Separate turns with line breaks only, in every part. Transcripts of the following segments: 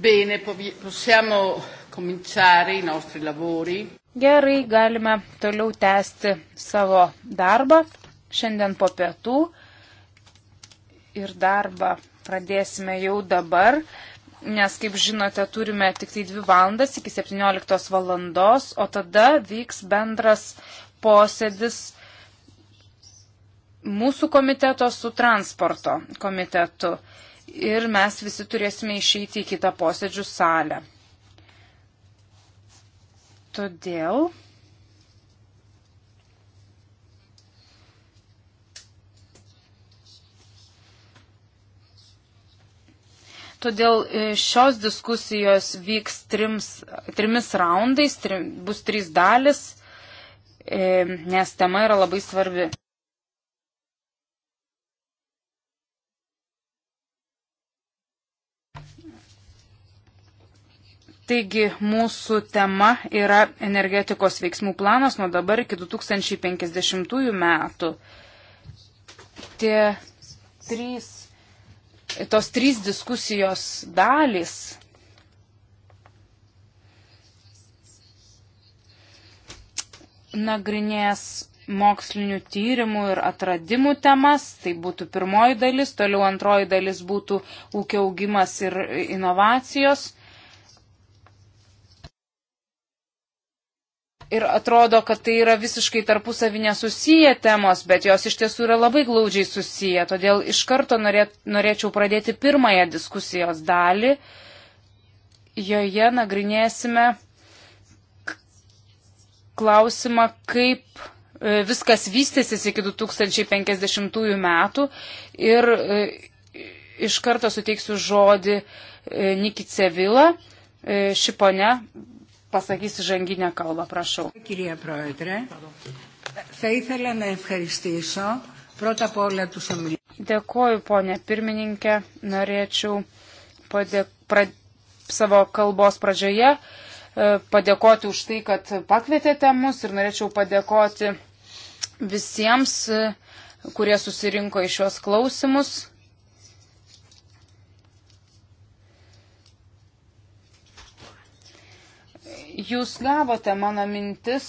Bene, possiamo cominciare i nostri lavori.
Gerai, galime toliau tęsti savo darbą. Šiandien po pietų ir darbą pradėsime jau dabar, nes, kaip žinote, turime tik tai 2 valandas iki 17 valandos, o tada vyks bendras posėdis mūsų komiteto su transporto komitetu ir mes visi turėsime išeiti į kitą posėdžių salę. Todėl. Todėl e, šios diskusijos vyks trims, trimis raundais, trim, bus trys dalis, e, nes tema yra labai svarbi. Taigi mūsų tema yra energetikos veiksmų planas nuo dabar iki 2050 metų. Tie trys, tos trys diskusijos dalys nagrinės mokslinių tyrimų ir atradimų temas. Tai būtų pirmoji dalis, toliau antroji dalis būtų ūkio augimas ir inovacijos. ir atrodo, kad tai yra visiškai tarpusavį nesusiję temos, bet jos iš tiesų yra labai glaudžiai susiję. Todėl iš karto norėt, norėčiau pradėti pirmąją diskusijos dalį. Joje nagrinėsime klausimą, kaip e, viskas vystėsi iki 2050 metų ir e, iš karto suteiksiu žodį e, Nikicevila. Ši ponia pasakys žanginę kalbą, prašau. Kyrie Proedre, θα ήθελα να ευχαριστήσω πρώτα απ' όλα τους ομιλητές. Dėkoju, ponė pirmininkė, norėčiau padėk... pra... savo kalbos pradžioje e, padėkoti už tai, kad pakvietėte mus ir norėčiau padėkoti visiems, e, kurie susirinko į šios klausimus. Jūs gavote mano mintis,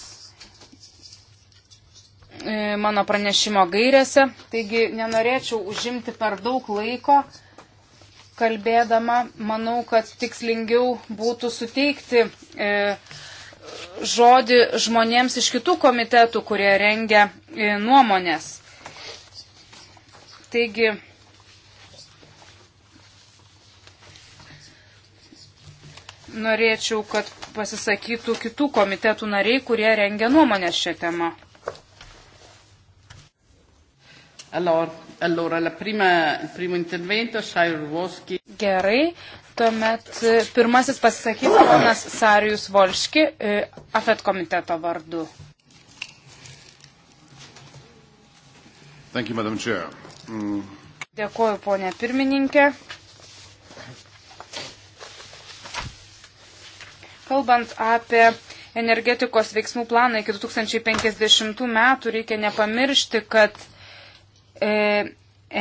e, mano pranešimo gairėse, taigi nenorėčiau užimti per daug laiko kalbėdama. Manau, kad tikslingiau būtų suteikti e, žodį žmonėms iš kitų komitetų, kurie rengia e, nuomonės. Taigi, norėčiau, kad pasisakytų kitų komitetų nariai, kurie rengia nuomonę šią temą. Gerai, tuomet e, pirmasis pasisakys ponas Sarijus Volški, e, AFET komiteto vardu.
Thank you, Madam Chair. Mm.
Dėkuoju, ponė pirmininkė. Kalbant apie energetikos veiksmų planą iki 2050 metų, reikia nepamiršti, kad e,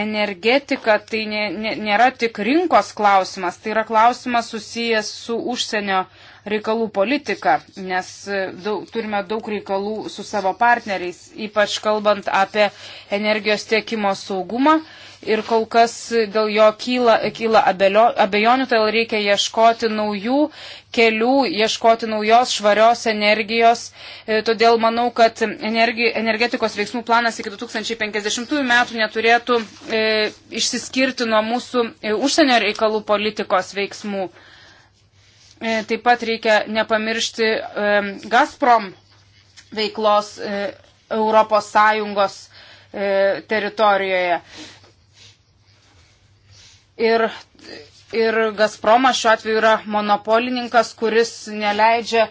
energetika tai nė, nė, nėra tik rinkos klausimas, tai yra klausimas susijęs su užsienio reikalų politiką, nes e, daug, turime daug reikalų su savo partneriais, ypač kalbant apie energijos tiekimo saugumą. Ir kol kas dėl jo kyla, kyla abelio, abejonių, tai reikia ieškoti naujų kelių, ieškoti naujos švarios energijos. E, todėl manau, kad energi, energetikos veiksmų planas iki 2050 metų neturėtų e, išsiskirti nuo mūsų e, užsienio reikalų politikos veiksmų. E, E, taip pat reikia nepamiršti e, Gazprom veiklos e, Europos Sąjungos teritorijoje. Ir, ir Gazpromas šiuo atveju yra monopolininkas, kuris neleidžia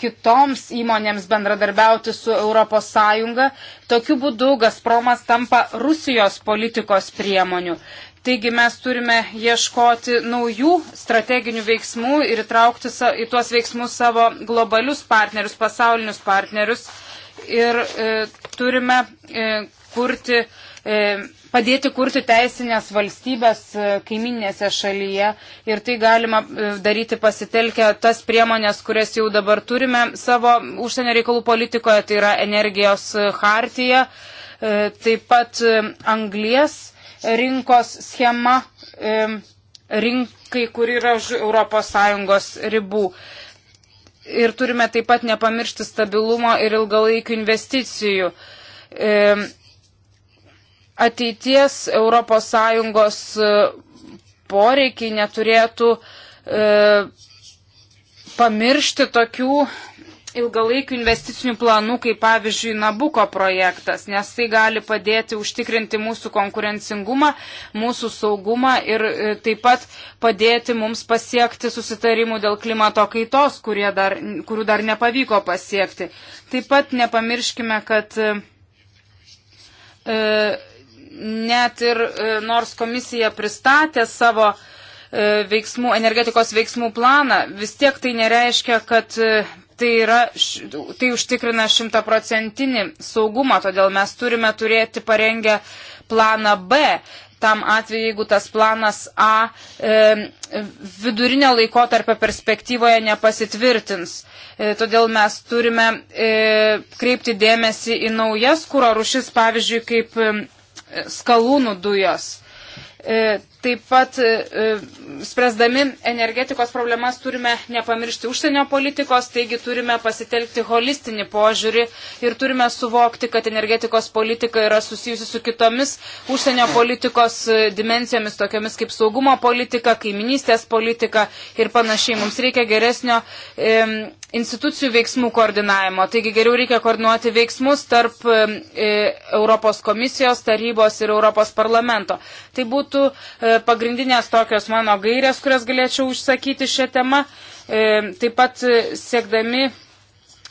kitoms įmonėms bendradarbiauti su Europos Sąjunga. Tokiu būdu Gazpromas tampa Rusijos politikos priemonių. Taigi mes turime ieškoti naujų strateginių veiksmų ir įtraukti į tuos veiksmus savo globalius partnerius, pasaulinius partnerius ir e, turime e, kurti, e, padėti kurti teisinės valstybės e, kaiminėse šalyje ir tai galima e, daryti pasitelkę tas priemonės, kurias jau dabar turime savo užsienio reikalų politikoje, tai yra energijos e, hartija, e, taip pat e, anglies rinkos schema rinkai, kur yra už ES ribų. Ir turime taip pat nepamiršti stabilumo ir ilgalaikių investicijų. Ateities ES e, poreikiai neturėtų e, pamiršti tokių ilgalaikių investicinių planų, kaip pavyzdžiui Nabuko projektas, nes tai gali padėti užtikrinti mūsų konkurencingumą, mūsų saugumą ir e, taip pat padėti mums pasiekti susitarimų dėl klimato kaitos, dar, kurių dar nepavyko pasiekti. Taip pat nepamirškime, kad e, e net ir e, nors komisija pristatė savo e, veiksmų, energetikos veiksmų planą, vis tiek tai nereiškia, kad tai, yra, tai užtikrina šimtaprocentinį saugumą, todėl mes turime turėti parengę planą B. Tam atveju, jeigu tas planas A e, vidurinio laiko tarp perspektyvoje nepasitvirtins. E, todėl mes turime e, kreipti dėmesį į naujas kūro rušis, pavyzdžiui, kaip e, skalūnų dujos. E, Taip pat e, e, spręsdami energetikos problemas turime nepamiršti užsienio politikos, taigi turime pasitelkti holistinį požiūrį ir turime suvokti, kad energetikos politika yra susijusi su kitomis užsienio politikos e, dimencijomis, tokiamis kaip saugumo politika, kaiminystės politika ir panašiai. Mums reikia geresnio e, institucijų veiksmų koordinavimo, taigi geriau reikia koordinuoti veiksmus tarp e, Europos komisijos, tarybos ir Europos parlamento. Tai būtų e, E, pagrindinės tokios mano gairės, kurias galėčiau užsakyti šią temą. E, taip pat e, siekdami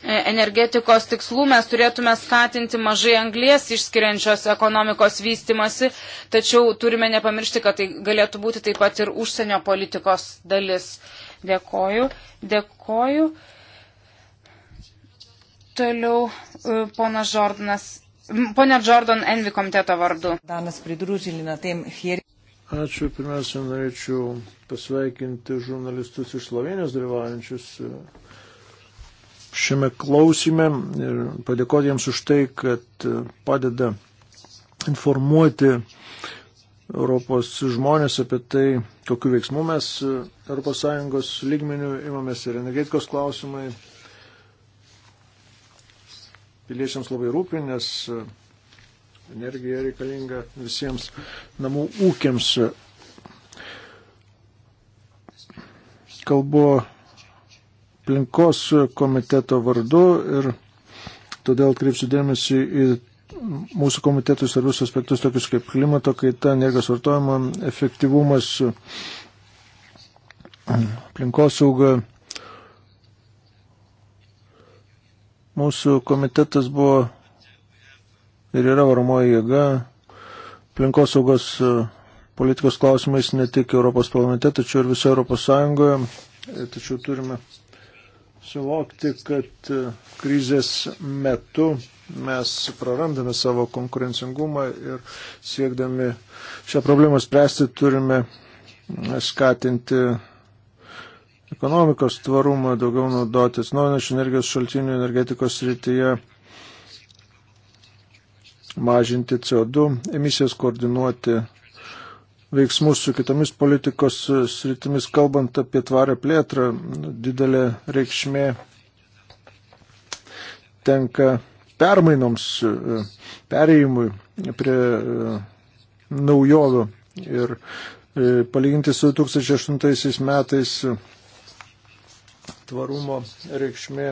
energetikos tikslų mes turėtume skatinti mažai anglės išskiriančios ekonomikos vystimasi, tačiau turime nepamiršti, kad tai galėtų būti taip pat ir užsienio politikos dalis. Dėkoju. Dėkoju. Toliau ponas Žordanas. Pone Jordan, Envi komiteto vardu. Danas pridružili na tem hieringų.
Ačiū. Pirmiausia, norėčiau pasveikinti žurnalistus iš Slovenijos dalyvaujančius e, šiame klausime ir padėkoti jiems už tai, kad e, padeda informuoti Europos žmonės apie tai, kokiu veiksmu mes ES lygmenių imamės ir energetikos klausimai. Piliečiams labai rūpi, nes e, energija reikalinga visiems namų ūkiams. Kalbu aplinkos komiteto vardu ir todėl kreipsiu dėmesį į mūsų komitetų svarbius aspektus, tokius kaip klimato kaita, energijos vartojimo efektyvumas, aplinkosauga. Mūsų komitetas buvo ir yra varomoji jėga aplinkosaugos e, politikos klausimais ne tik Europos parlamente, tačiau ir visoje Europos Sąjungoje. E, tačiau turime suvokti, kad e, krizės metu mes prarandame savo konkurencingumą ir siekdami šią problemą spręsti turime skatinti ekonomikos tvarumą, daugiau naudotis naujinačių energijos šaltinių energetikos srityje mažinti CO2 emisijas, koordinuoti veiksmus su kitomis politikos sritimis, kalbant apie tvarę plėtrą, didelė reikšmė tenka permainoms, pereimui prie e, naujovių. Ir e, palyginti su 2008 metais tvarumo reikšmė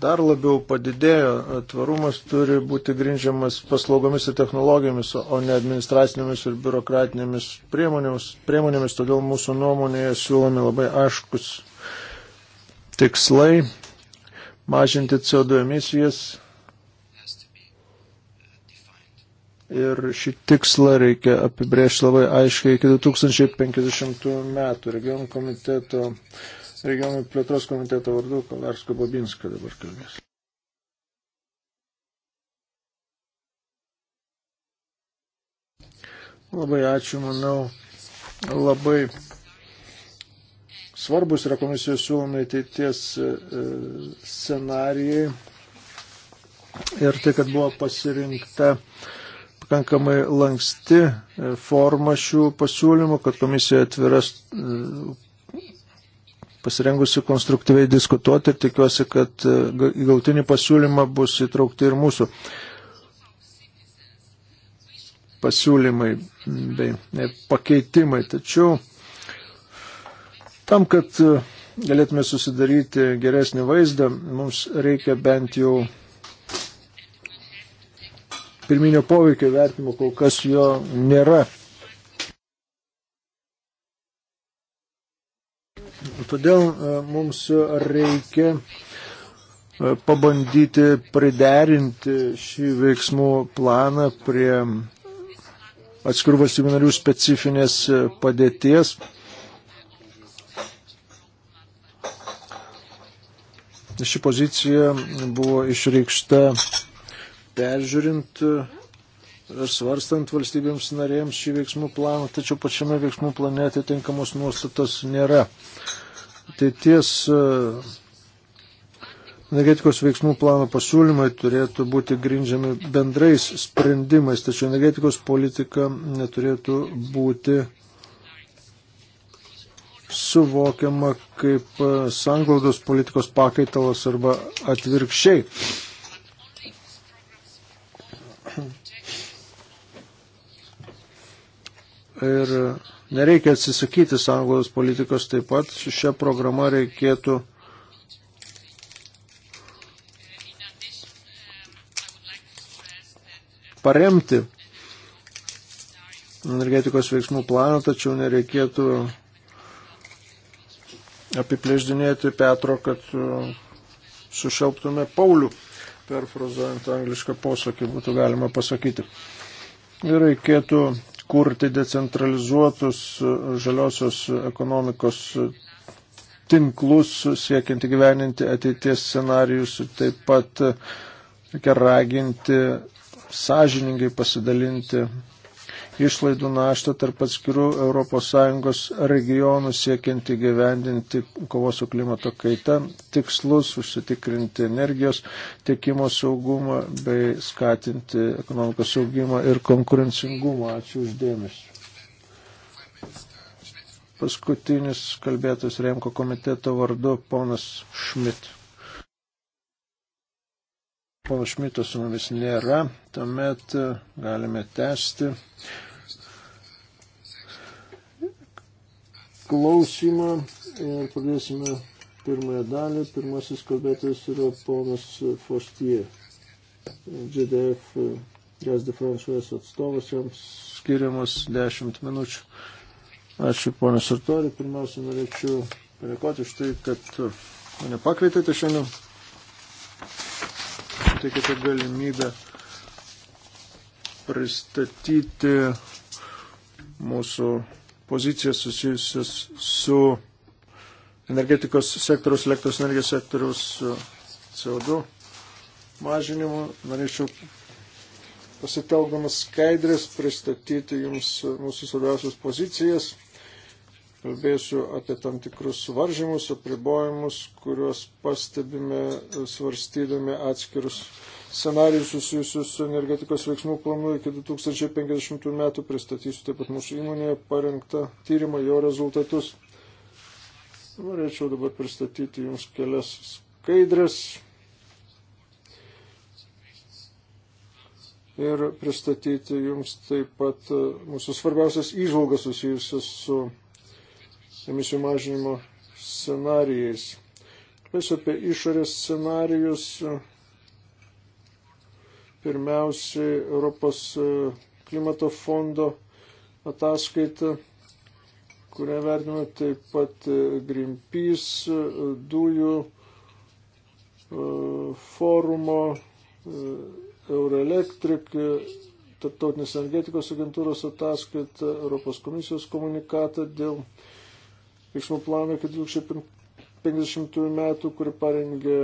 dar labiau padidėjo. Tvarumas turi būti grindžiamas paslaugomis ir technologijomis, o ne administracinėmis ir biurokratinėmis priemonėmis. priemonėmis. Todėl mūsų nuomonėje siūlomi labai aiškus tikslai mažinti CO2 emisijas. Ir šį tikslą reikia apibrėžti labai aiškiai iki 2050 metų. Regionų komiteto uh, regionų plėtros komiteto vardu Kolarsko Babinska dabar kalbės. Labai ačiū, manau, labai svarbus yra komisijos siūlomi ateities e, scenarijai ir tai, kad buvo pasirinkta pakankamai lanksti e, forma šių pasiūlymų, kad komisija atviras e, pasirengusi konstruktyviai diskutuoti ir tikiuosi, kad į e, gautinį pasiūlymą bus įtraukti ir mūsų pasiūlymai bei e, pakeitimai. Tačiau tam, kad e, galėtume susidaryti geresnį vaizdą, mums reikia bent jau pirminio poveikio vertimo, kol kas jo nėra Todėl e, mums reikia e, pabandyti priderinti šį veiksmų planą prie atskirų valstybių narių specifinės e, padėties. Ši pozicija buvo išreikšta peržiūrint svarstant valstybėms narėms šį veiksmų planą, tačiau pačiame veiksmų plane atitinkamos nuostatos nėra. Tai ties e, energetikos veiksmų plano pasiūlymai turėtų būti grindžiami bendrais sprendimais, tačiau energetikos politika neturėtų būti suvokiama kaip e, sanglaudos politikos pakaitalas arba atvirkščiai. ir nereikia atsisakyti sąjungos politikos taip pat. Su šia programa reikėtų paremti energetikos veiksmų planą, tačiau nereikėtų apiplėždinėti Petro, kad uh, sušelptume Paulių, perfrazuojant anglišką posakį, būtų galima pasakyti. Ir reikėtų kurti decentralizuotus e, žaliosios ekonomikos e, tinklus, siekiant įgyveninti ateities scenarius ir taip pat reikia raginti e, sąžiningai pasidalinti išlaidų naštą tarp atskirų ES regionų siekiant įgyvendinti kovos su klimato kaita tikslus, užsitikrinti energijos tiekimo saugumą bei skatinti ekonomikos saugimą ir konkurencingumą. Ačiū uždėmesi. Paskutinis kalbėtas Remko komiteto vardu ponas Šmit. Pono Šmito su mumis nėra, tuomet galime tęsti klausimą ir pradėsime pirmąją dalį. Pirmasis kalbėtojas yra ponas Fostie, GDF Gas Differentials atstovas, jam skiriamas 10 minučių. Ačiū, ponas Sartori. Pirmiausia, norėčiau padėkoti už tai, kad mane pakvietėte šiandien. Teikite galimybę pristatyti mūsų pozicijas susijusias su energetikos sektoriaus, elektros energijos sektoriaus CO2 mažinimu. Norėčiau pasitelkdamas skaidrės pristatyti Jums mūsų svarbiausias pozicijas. Kalbėsiu apie tam tikrus suvaržymus, apribojimus, kuriuos pastebime svarstydami atskirus scenarijų susijusių su energetikos veiksmų planu iki 2050 metų. Pristatysiu taip pat mūsų įmonėje parengtą tyrimą, jo rezultatus. Norėčiau dabar pristatyti Jums kelias skaidrės ir pristatyti Jums taip pat e, mūsų svarbiausias įžvalgas susijusias su emisijų mažinimo scenarijais. Kalbėsiu apie išorės scenarijus Pirmiausiai Europos e, klimato fondo ataskaita, kurią vertiname taip pat e, Greenpeace, e, dujų forumo, Euroelektrik, Tartautinės energetikos agentūros ataskaita, Europos komisijos komunikata dėl veiksmų plano iki 2005 50 metų, kurį parengė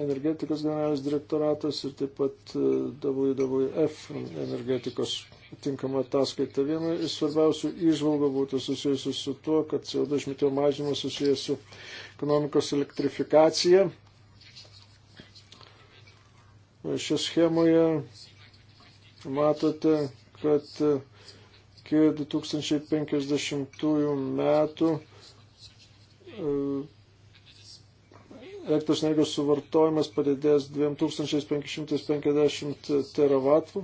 energetikos generalinis direktoratas ir taip pat e, WWF energetikos tinkama ataskaita. Viena iš svarbiausių išvalgų būtų susijusi su tuo, kad CO2 išmetimo mažinimas susijęs su ekonomikos elektrifikacija. Šioje schemoje matote, kad e, iki 2050 metų e, elektros energijos suvartojimas padidės 2550 teravatų.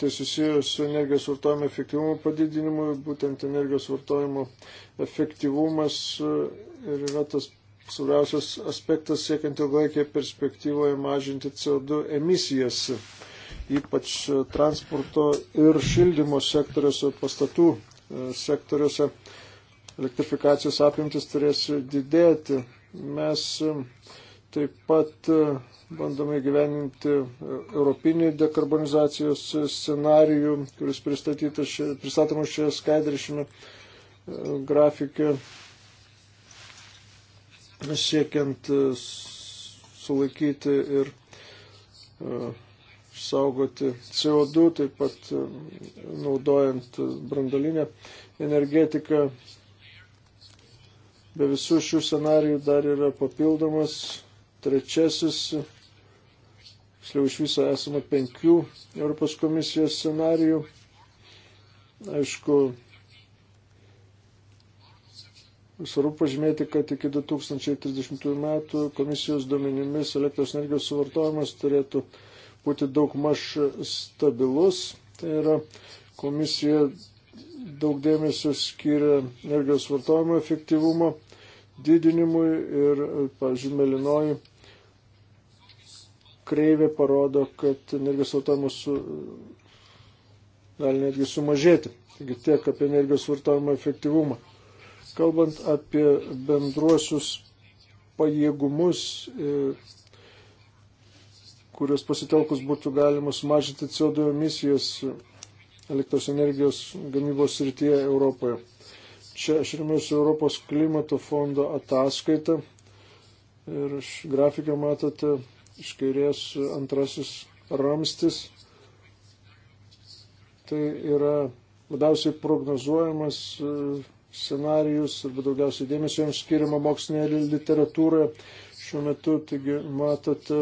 Tai susijęs su energijos vartojimo efektyvumo padidinimu, būtent energijos vartojimo efektyvumas e, ir yra tas svarbiausias aspektas siekiant ilgalaikėje perspektyvoje mažinti CO2 emisijas ypač transporto ir šildymo sektoriuose, pastatų e, sektoriuose elektrifikacijos apimtis turės didėti. Mes e, taip pat e, bandome gyveninti europinį dekarbonizacijos scenarijų, kuris pristatomas šioje skaidrišime grafikė siekiant sulaikyti ir uh, saugoti CO2, taip pat e, naudojant brandolinę energetiką. Be visų šių scenarijų dar yra papildomas trečiasis, tiksliau iš viso esame penkių Europos komisijos scenarijų. Aišku, svarbu pažymėti, kad iki 2030 metų komisijos duomenimis elektros energijos suvartojimas turėtų būti daug maž stabilus. Tai yra komisija daug dėmesio skiria energijos vartojimo efektyvumo didinimui ir, pavyzdžiui, melinoji kreivė parodo, kad energijos vartojimas su, gali netgi sumažėti. Taigi tiek apie energijos vartojimo efektyvumą. Kalbant apie bendruosius pajėgumus kurios pasitelkus būtų galima sumažinti CO2 emisijas elektros energijos gamybos srityje Europoje. Čia aš remiuosi Europos klimato fondo ataskaitą ir grafiką matote iš kairės antrasis ramstis. Tai yra labiausiai prognozuojamas e, scenarijus arba daugiausiai dėmesio jiems skiriama mokslinėje literatūroje šiuo metu, taigi matote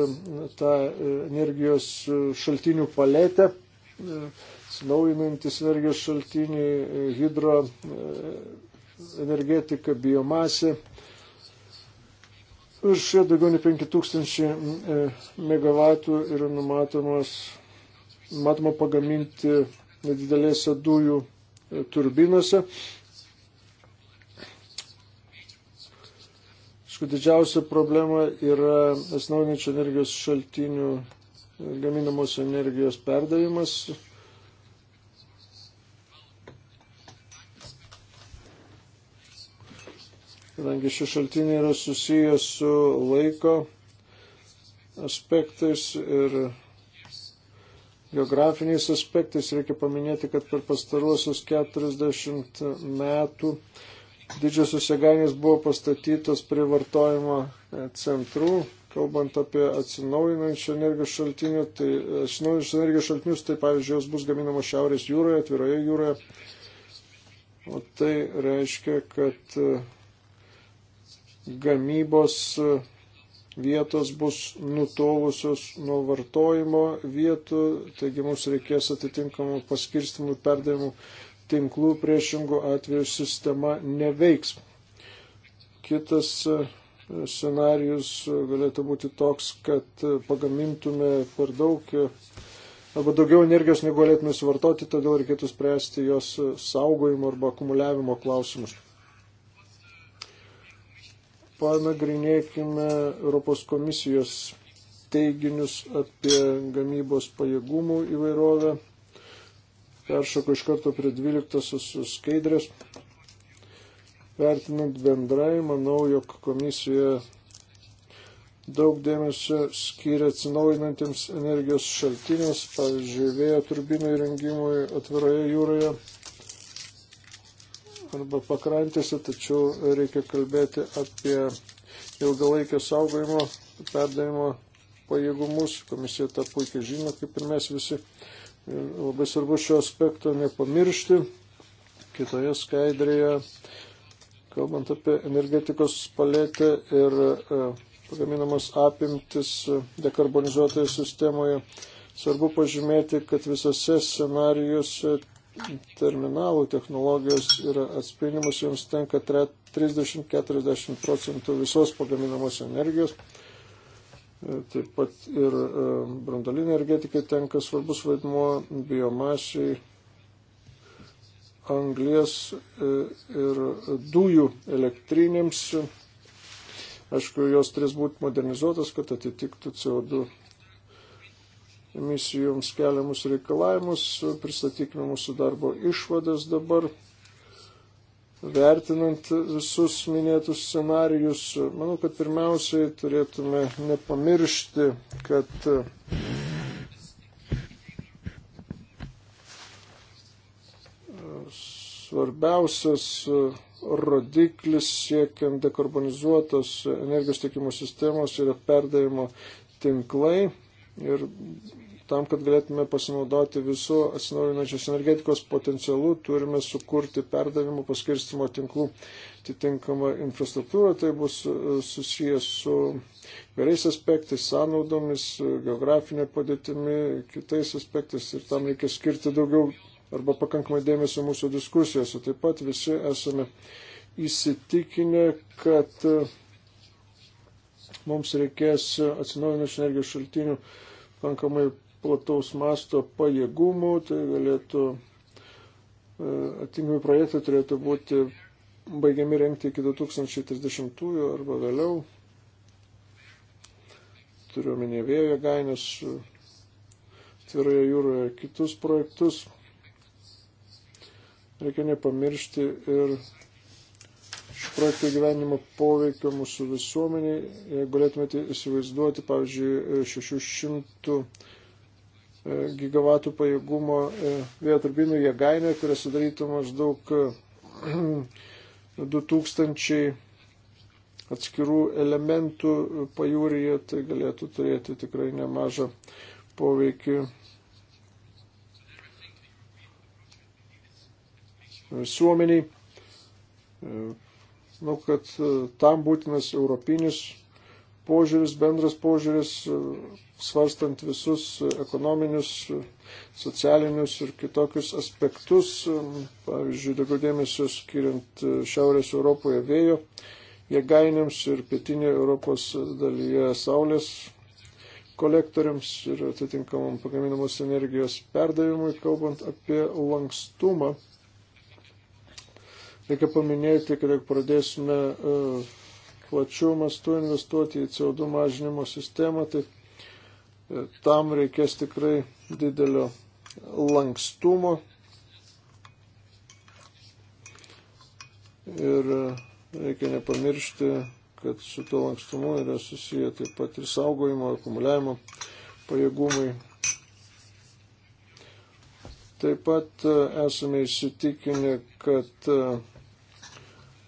tą e, energijos e, šaltinių paletę, e, atsinaujinantis energijos šaltiniai, hidro energetika, biomasė. Ir šie daugiau nei 5000 MW yra numatomas, matoma pagaminti nedidelėse dujų turbinose. Aišku, didžiausia problema yra atsinaujinančių energijos šaltinių gaminamos energijos perdavimas. Kadangi šie šaltiniai yra susijęs su laiko aspektais ir geografiniais aspektais, reikia paminėti, kad per pastaruosius 40 metų didžiosios jėgainės buvo pastatytos prie vartojimo e, centrų. Kalbant apie atsinaujinančių energijos šaltinių, tai atsinaujinančių energijos šaltinius, tai pavyzdžiui, jos bus gaminamos Šiaurės jūroje, atviroje jūroje. O tai reiškia, kad e, gamybos e, vietos bus nutolusios nuo vartojimo vietų, taigi mums reikės atitinkamų paskirstimų perdavimų tinklų priešingų atveju sistema neveiks. Kitas e, scenarius galėtų būti toks, kad e, pagamintume per daug e, arba daugiau energijos negu galėtume suvartoti, todėl reikėtų spręsti jos saugojimo arba akumuliavimo klausimus. Panagrinėkime Europos komisijos teiginius apie gamybos pajėgumų įvairovę Peršoku iš karto prie 12 skaidrės. Vertinant bendrai, manau, jog komisija daug dėmesio skiria atsinaujinantiems energijos šaltiniams, pavyzdžiui, vėjo turbinų įrengimui atviroje jūroje arba pakrantėse, tačiau reikia kalbėti apie ilgalaikio saugojimo, perdavimo pajėgumus. Komisija tą puikiai žino, kaip ir mes visi. Ir labai svarbu šio aspekto nepamiršti. Kitoje skaidrėje, kalbant apie energetikos paletę ir e, pagaminamos apimtis dekarbonizuotoje sistemoje, svarbu pažymėti, kad visose scenarijuose terminalų technologijos yra atspindimus, joms tenka 30-40 procentų visos pagaminamos energijos. E, taip pat ir e, brandolinė energetika tenka svarbus vaidmuo biomasiai, anglės e, ir dujų elektrinėms. Aišku, jos turės būti modernizuotas, kad atitiktų CO2 emisijoms keliamus reikalavimus. Pristatykime mūsų darbo išvadas dabar vertinant visus minėtus scenarius, manau, kad pirmiausiai turėtume nepamiršti, kad e, svarbiausias e, rodiklis siekiant dekarbonizuotos energijos tiekimo sistemos yra perdavimo tinklai ir tam, kad galėtume pasinaudoti visų atsinaujinančios energetikos potencialų, turime sukurti perdavimo paskirstimo tinklų atitinkamą infrastruktūrą. Tai bus e, susijęs su įvairiais aspektais, sąnaudomis, geografinė padėtimi, kitais aspektais ir tam reikia skirti daugiau arba pakankamai dėmesio mūsų diskusijose. Taip pat visi esame įsitikinę, kad e, mums reikės atsinaujinančių energijos šaltinių pakankamai plataus masto pajėgumų, tai galėtų e, atitinkami projektai turėtų būti baigiami renkti iki 2030 arba vėliau. Turiu omenyje vėjo jėgainės, tviroje jūroje kitus projektus. Reikia nepamiršti ir šių projektų gyvenimo poveikio mūsų visuomeniai. Jeigu galėtumėte įsivaizduoti, pavyzdžiui, 600 E, gigavatų pajėgumo e, vėjo turbinų jėgainę, kuria sudarytų maždaug 2000 e, atskirų elementų pajūryje, tai galėtų turėti tikrai nemažą poveikį visuomeniai. Manau, kad tam būtinas europinis požiūris, bendras požiūris, svarstant visus ekonominius, socialinius ir kitokius aspektus, pavyzdžiui, daugiau dėmesio skiriant Šiaurės Europoje vėjo jėgainėms ir pietinėje Europos dalyje saulės kolektoriams ir atitinkamam pagaminamos energijos perdavimui, kalbant apie lankstumą. Reikia paminėti, kad jeigu pradėsime e, plačių mastų investuoti į CO2 mažinimo sistemą, tai Tam reikės tikrai didelio lankstumo. Ir reikia nepamiršti, kad su to lankstumu yra susiję taip pat ir saugojimo, akumuliavimo pajėgumai. Taip pat e, esame įsitikinę, kad e,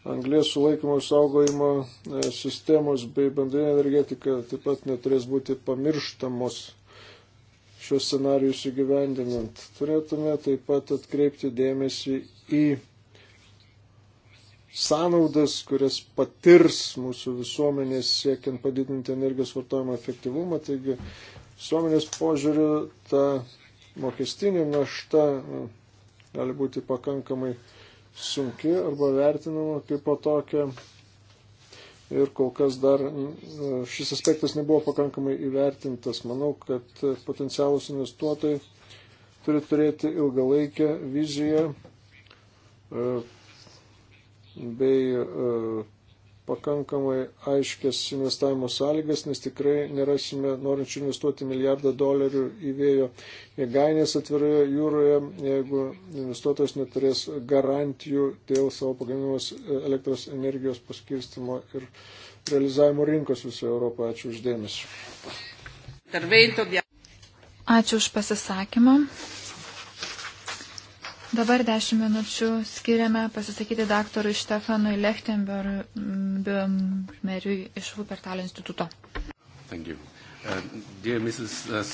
anglės sulaikymo saugojimo e, sistemos bei bendrinė energetika taip pat neturės būti pamirštamos šios scenarius įgyvendinant. Turėtume taip pat atkreipti dėmesį į sąnaudas, kurias patirs mūsų visuomenės siekiant padidinti energijos vartojimo efektyvumą. Taigi, visuomenės požiūriu ta mokestinė našta e, gali būti pakankamai uh, sunki arba vertinama kaip po tokia. Ir kol kas dar šis aspektas nebuvo pakankamai įvertintas. Manau, kad potencialus investuotojai turi turėti ilgalaikę viziją e, bei e, pakankamai aiškės investavimo sąlygas, nes tikrai nerasime norinčių investuoti milijardą dolerių į vėjo jėgainės atviroje jūroje, jeigu investuotojas neturės garantijų dėl savo pagaminamos elektros energijos paskirstimo ir realizavimo rinkos visoje Europoje. Ačiū uždėmesi.
Ačiū už pasisakymą. Dabar dešimt minučių skiriame pasisakyti daktarui Štefanui Lechtenbergeriui iš Vupertalio instituto. Uh, uh,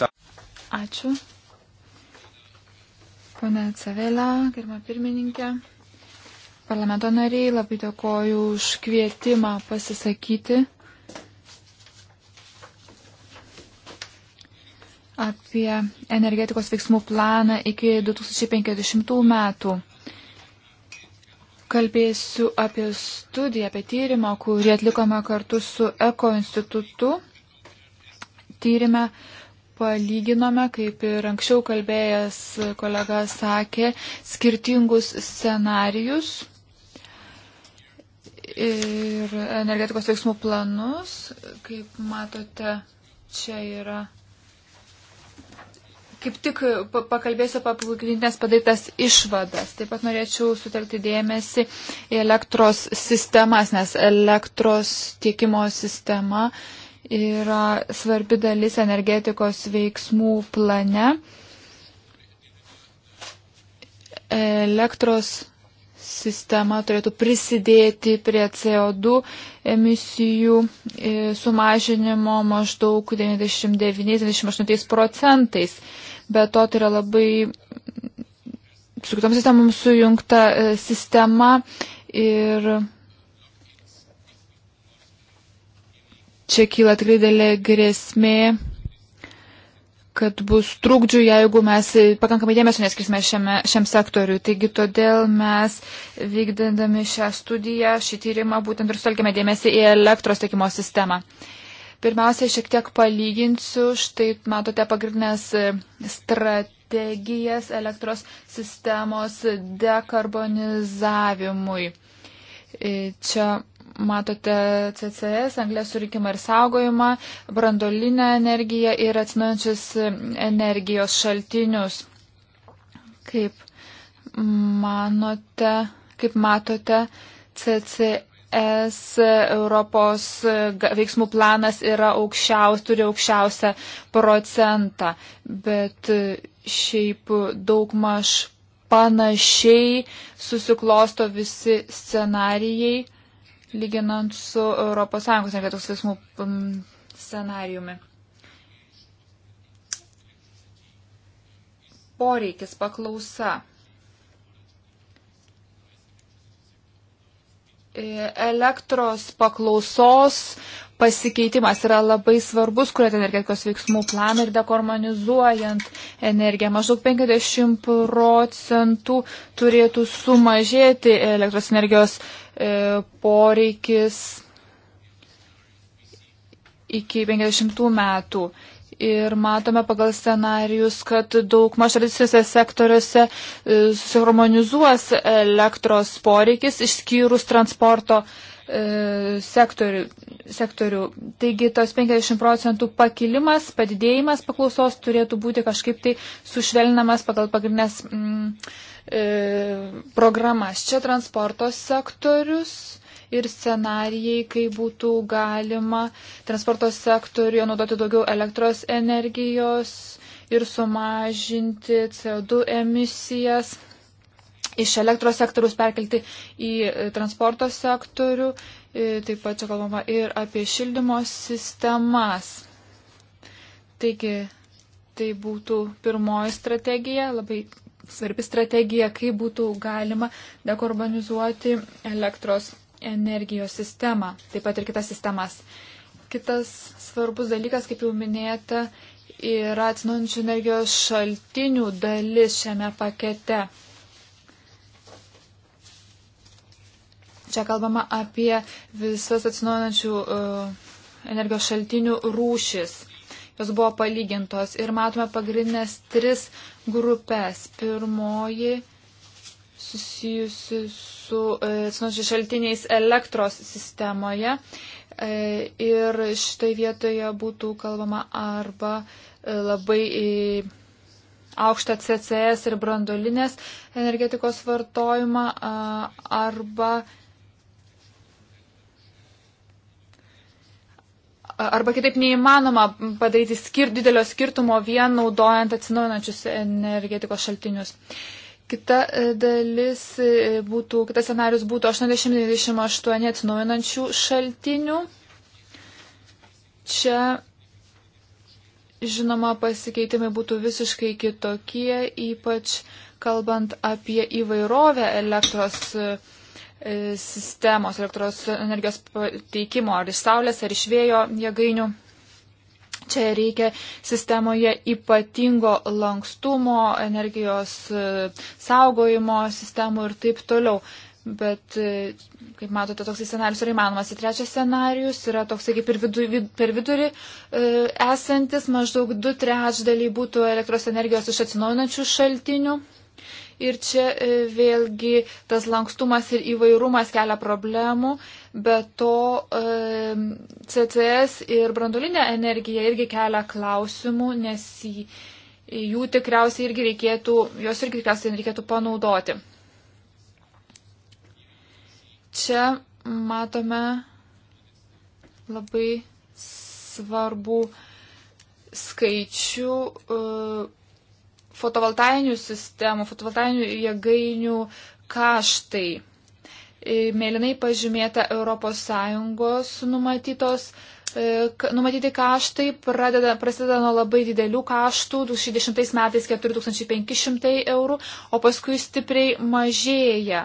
Ačiū. Pone Cavela, germa pirmininkė, parlamento nariai, labai dėkoju už kvietimą pasisakyti. apie energetikos veiksmų planą iki 2050 metų. Kalbėsiu apie studiją, apie tyrimą, kurį atlikome kartu su Eko institutu. Tyrime palyginome, kaip ir anksčiau kalbėjęs kolega sakė, skirtingus scenarius ir energetikos veiksmų planus. Kaip matote, čia yra kaip tik pakalbėsiu apie pagrindinės padarytas išvadas. Taip pat norėčiau sutelkti dėmesį į elektros sistemas, nes elektros tiekimo sistema yra svarbi dalis energetikos veiksmų plane. Elektros sistema turėtų prisidėti prie CO2 emisijų e, sumažinimo maždaug 99-98 procentais bet to tai yra labai su kitom sistemom sujungta e, sistema ir čia kyla tikrai dėlė grėsmė kad bus trūkdžių, jeigu mes pakankamai dėmesio neskirsime šiame, šiam sektoriui. Taigi todėl mes vykdindami šią studiją, šį tyrimą būtent ir sutelkime dėmesį į elektros tiekimo sistemą. Uh, Pirmiausia, šiek tiek palyginsiu, štai matote pagrindinės strategijas elektros sistemos dekarbonizavimui. E, čia matote CCS, anglės surinkimą ir saugojimą, brandolinę energiją ir atsinaujančius energijos šaltinius. Kaip manote, kaip matote, CCS ES Europos veiksmų planas yra aukščiaus, turi aukščiausią procentą, bet e, šiaip daug maž panašiai susiklosto visi scenarijai, lyginant su ES energetikos veiksmų scenarijumi. Poreikis paklausa. elektros paklausos pasikeitimas yra labai svarbus, kuriant energetikos veiksmų planą ir dekormanizuojant energiją. Maždaug 50 procentų turėtų sumažėti elektros energijos e, poreikis iki 50 metų. Ir matome pagal scenarius, kad daug maž tradicinėse sektoriuose e, suharmonizuos elektros poreikis, išskyrus transporto e, sektorių, sektorių. Taigi tas 50 procentų pakilimas, padidėjimas paklausos turėtų būti kažkaip tai sušvelinamas pagal pagrindinės mm, e, programas. Čia transporto sektorius ir scenarijai, kai būtų galima transporto sektoriuje naudoti daugiau elektros energijos ir sumažinti CO2 emisijas, iš elektros sektoriaus perkelti į e, transporto sektorių, e, taip pat čia kalbama ir apie šildymo sistemas. Taigi, tai būtų pirmoji strategija, labai svarbi strategija, kaip būtų galima dekarbonizuoti elektros energijos sistemą, taip pat ir kitas sistemas. Kitas svarbus dalykas, kaip jau minėjote, yra atsinaujančių energijos šaltinių dalis šiame pakete. Čia kalbama apie visas atsinaujančių uh, e, energijos šaltinių rūšis. Jos buvo palygintos ir matome pagrindinės tris grupės. Pirmoji susijusi su e, atsinaujinančiais šaltiniais elektros sistemoje. E, ir šitai vietoje būtų kalbama arba e, labai aukštą CCS ir brandolinės energetikos vartojimą arba, arba kitaip neįmanoma padaryti skir, didelio skirtumo vien naudojant atsinaujinančius energetikos šaltinius. Uh, Kita e, dalis e, būtų, kitas scenarius būtų 80-98 atsinaujinančių šaltinių. Čia, žinoma, pasikeitimai būtų visiškai kitokie, ypač kalbant apie įvairovę elektros e, sistemos, elektros energijos teikimo ar iš saulės, ar iš vėjo jėgainių. Čia reikia sistemoje ypatingo lankstumo, energijos e, saugojimo sistemų ir taip toliau. Bet, e, kaip matote, toksai scenarius yra įmanomas. Ir trečias scenarius yra toksai kaip ir vidu, vid, per vidurį e, esantis, maždaug du trečdaliai būtų elektros energijos iš atsinaujinančių šaltinių. Ir čia e, vėlgi tas lankstumas ir įvairumas kelia problemų, bet to e, CCS ir brandolinė energija irgi kelia klausimų, nes jų tikriausiai irgi reikėtų, jos irgi tikriausiai reikėtų panaudoti. Čia matome labai svarbų skaičių. Uh, fotovoltainių sistemų, fotovoltainių jėgainių kaštai. E, mėlynai pažymėta ES numatytos e, numatyti kaštai pradeda, prasideda nuo labai didelių kaštų, 2010 metais 4500 eurų, o paskui stipriai mažėja.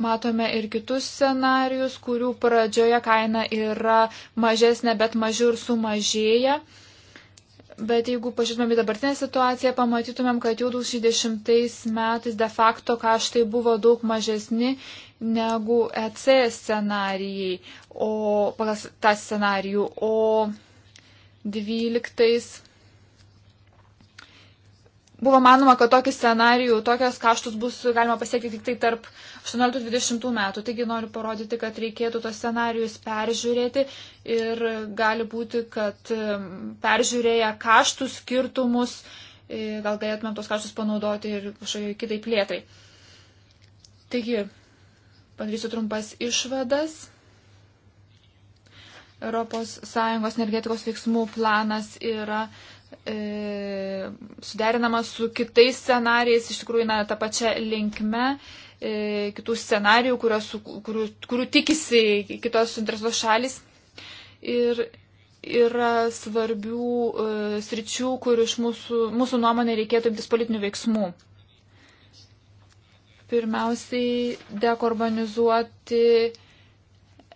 Matome ir kitus scenarius, kurių pradžioje kaina yra mažesnė, bet mažiau ir sumažėja. Bet jeigu pažiūrėtumėm į dabartinę situaciją, pamatytumėm, kad jau 2010 metais de facto kaštai buvo daug mažesni negu EC scenarijai, o pagal tą scenarijų, o 12 Buvo manoma, kad tokį scenarijų, tokias kaštus bus galima pasiekti tik tai tarp 18-20 metų. Taigi noriu parodyti, kad reikėtų tos scenarijus peržiūrėti ir gali būti, kad um, peržiūrėję kaštų skirtumus, e, gal galėtumėm tos kaštus panaudoti ir kažkokiai kitai plėtrai. Taigi, padarysiu trumpas išvadas. ES energetikos veiksmų planas yra e, suderinama su kitais scenarijais, iš tikrųjų, na, tą pačią linkmę e, kitų scenarijų, kurios, kurių, kurių tikisi kitos suinteresuotos šalis. Ir yra svarbių e, sričių, kur iš mūsų, mūsų nuomonė reikėtų imtis politinių veiksmų. Pirmiausiai dekarbonizuoti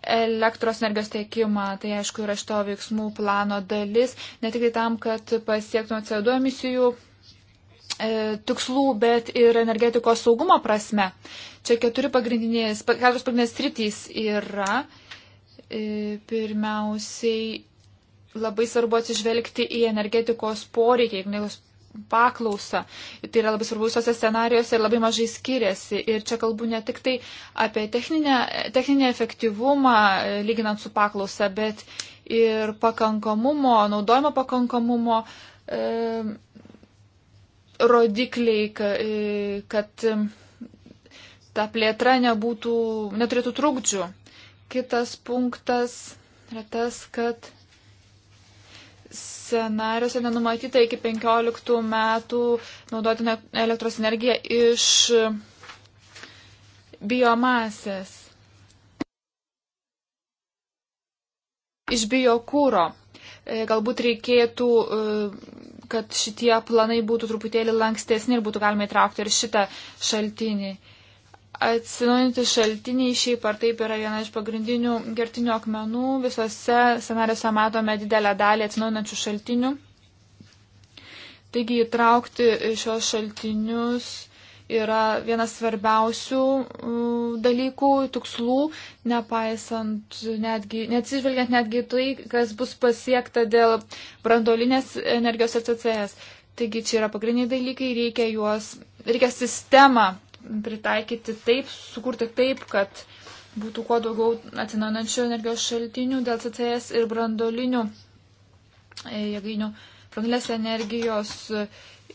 elektros energijos tiekimą. Tai aišku yra šito veiksmų plano dalis, ne tik tai tam, kad pasiektume CO2 emisijų e, tikslų, bet ir energetikos saugumo prasme. Čia keturi pagrindinės, keturios pagrindinės rytys yra. E, pirmiausiai labai svarbu atsižvelgti į energetikos poreikį, energetikos paklausą. Tai yra labai svarbu visose scenarijose ir labai mažai skiriasi. Ir čia kalbu ne tik tai apie techninę, techninę efektyvumą e, lyginant su paklausa, bet ir pakankamumo, naudojimo pakankamumo e, rodikliai, e, kad e, ta plėtra nebūtų, neturėtų trūkdžių. Kitas punktas yra tas, kad scenariuose nenumatyta iki 15 metų naudoti elektros energiją iš biomasės, iš biokūro. E, galbūt reikėtų, e, kad šitie planai būtų truputėlį lankstesni ir būtų galima įtraukti ir šitą šaltinį Atsinaujinti šaltiniai šiaip ar taip yra viena iš pagrindinių gertinių akmenų. Visose scenariuose matome didelę dalį atsinaujinančių šaltinių. Taigi įtraukti šios šaltinius yra vienas svarbiausių mm, dalykų, tikslų, nepaisant netgi, neatsižvelgiant netgi tai, kas bus pasiekta dėl brandolinės energijos ir CCS. Taigi čia yra pagrindiniai dalykai, reikia juos, reikia sistemą pritaikyti taip, sukurti taip, kad būtų kuo daugiau atsinaujančių energijos šaltinių dėl CCS ir brandolinių e, jėgainių, brandolės energijos.